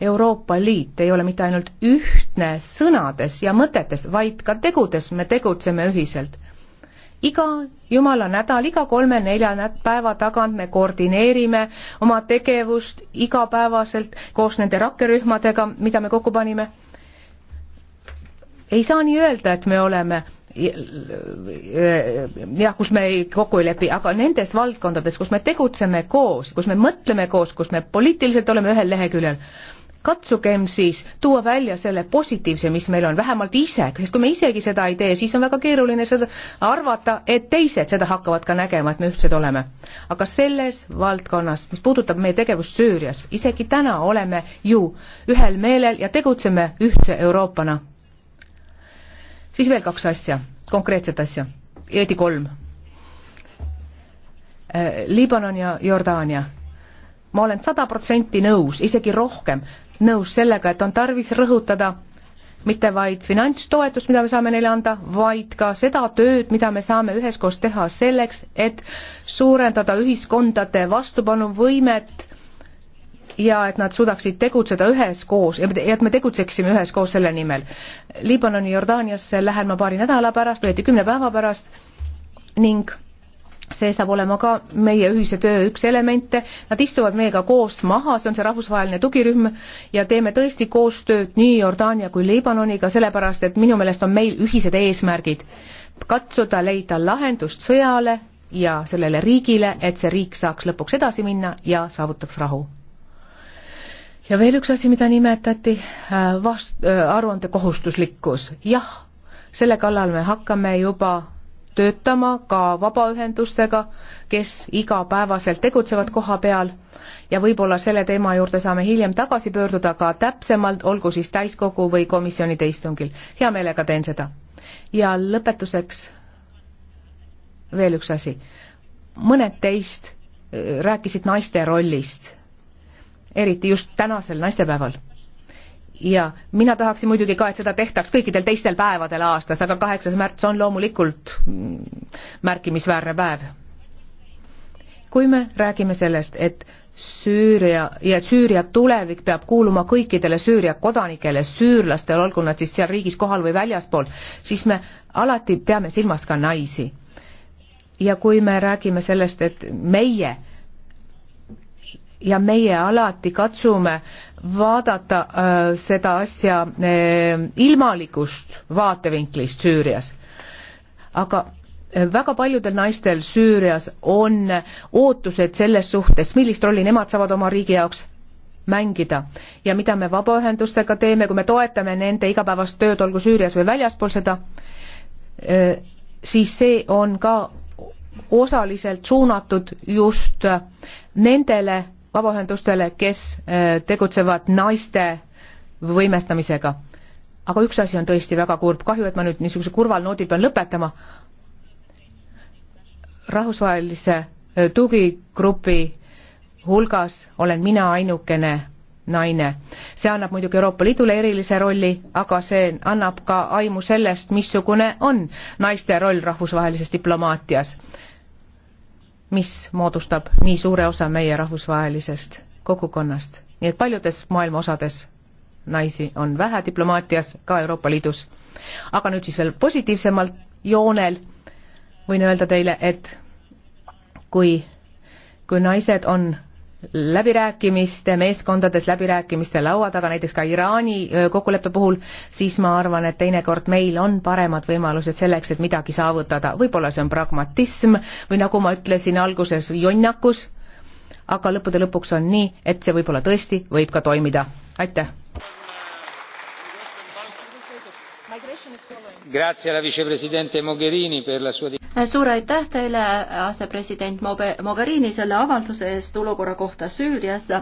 Euroopa Liit ei ole mitte ainult ühtne sõnades ja mõtetes, vaid ka tegudes me tegutseme ühiselt iga jumala nädal, iga kolme-nelja päeva tagant me koordineerime oma tegevust igapäevaselt koos nende rakkerühmadega, mida me kokku panime. ei saa nii öelda, et me oleme jah, kus me ei kokku ei lepi, aga nendes valdkondades, kus me tegutseme koos, kus me mõtleme koos, kus me poliitiliselt oleme ühel leheküljel katsugem siis tuua välja selle positiivse, mis meil on, vähemalt ise, sest kui me isegi seda ei tee, siis on väga keeruline seda arvata, et teised seda hakkavad ka nägema, et me ühtsed oleme. aga selles valdkonnas, mis puudutab meie tegevust Süürias, isegi täna oleme ju ühel meelel ja tegutseme ühtse Euroopana. siis veel kaks asja, konkreetset asja, õieti kolm. Liibanon ja Jordaania ma olen sada protsenti nõus, isegi rohkem, nõus sellega, et on tarvis rõhutada mitte vaid finantstoetust, mida me saame neile anda, vaid ka seda tööd, mida me saame üheskoos teha selleks, et suurendada ühiskondade vastupanuvõimet ja et nad suudaksid tegutseda üheskoos ja et me tegutseksime üheskoos selle nimel. Liibanoni Jordaaniasse lähen ma paari nädala pärast, õieti kümne päeva pärast ning see saab olema ka meie ühise töö üks elemente, nad istuvad meiega koos maha, see on see rahvusvaheline tugirühm ja teeme tõesti koostööd nii Jordaania kui Liibanoniga, sellepärast et minu meelest on meil ühised eesmärgid katsuda leida lahendust sõjale ja sellele riigile, et see riik saaks lõpuks edasi minna ja saavutaks rahu. ja veel üks asi, mida nimetati, äh, vast-, äh, aruande kohustuslikkus, jah, selle kallal me hakkame juba töötama ka vabaühendustega, kes igapäevaselt tegutsevad koha peal ja võib-olla selle teema juurde saame hiljem tagasi pöörduda ka täpsemalt, olgu siis täiskogu või komisjonide istungil. hea meelega teen seda. ja lõpetuseks veel üks asi. mõned teist äh, rääkisid naiste rollist, eriti just tänasel naistepäeval ja mina tahaksin muidugi ka, et seda tehtaks kõikidel teistel päevadel aastas, aga kaheksas märts on loomulikult mm, märkimisväärne päev. kui me räägime sellest, et Süüria ja Süüria tulevik peab kuuluma kõikidele Süüria kodanikele, süürlastele, olgu nad siis seal riigis kohal või väljaspool, siis me alati peame silmas ka naisi. ja kui me räägime sellest, et meie ja meie alati katsume vaadata äh, seda asja äh, ilmalikust vaatevinklist Süürias. aga äh, väga paljudel naistel Süürias on ootused selles suhtes, millist rolli nemad saavad oma riigi jaoks mängida ja mida me vabaühendustega teeme, kui me toetame nende igapäevast tööd, olgu Süürias või väljaspool seda, äh, siis see on ka osaliselt suunatud just nendele vabaühendustele, kes äh, tegutsevad naiste võimestamisega. aga üks asi on tõesti väga kurb, kahju, et ma nüüd niisuguse kurval noodi pean lõpetama. rahvusvahelise äh, tugigrupi hulgas olen mina ainukene naine. see annab muidugi Euroopa Liidule erilise rolli, aga see annab ka aimu sellest, missugune on naiste roll rahvusvahelises diplomaatias mis moodustab nii suure osa meie rahvusvahelisest kogukonnast. nii et paljudes maailma osades naisi on vähe diplomaatias, ka Euroopa Liidus. aga nüüd siis veel positiivsemalt joonel võin öelda teile, et kui, kui naised on läbirääkimiste meeskondades, läbirääkimiste laua taga, näiteks ka Iraani kokkuleppe puhul, siis ma arvan, et teinekord meil on paremad võimalused selleks, et midagi saavutada. võib-olla see on pragmatism või nagu ma ütlesin alguses, jonnakus, aga lõppude lõpuks on nii, et see võib-olla tõesti võib ka toimida. aitäh! suur aitäh teile, asepresident Mogherini, selle avalduse eest olukorra kohta Süürias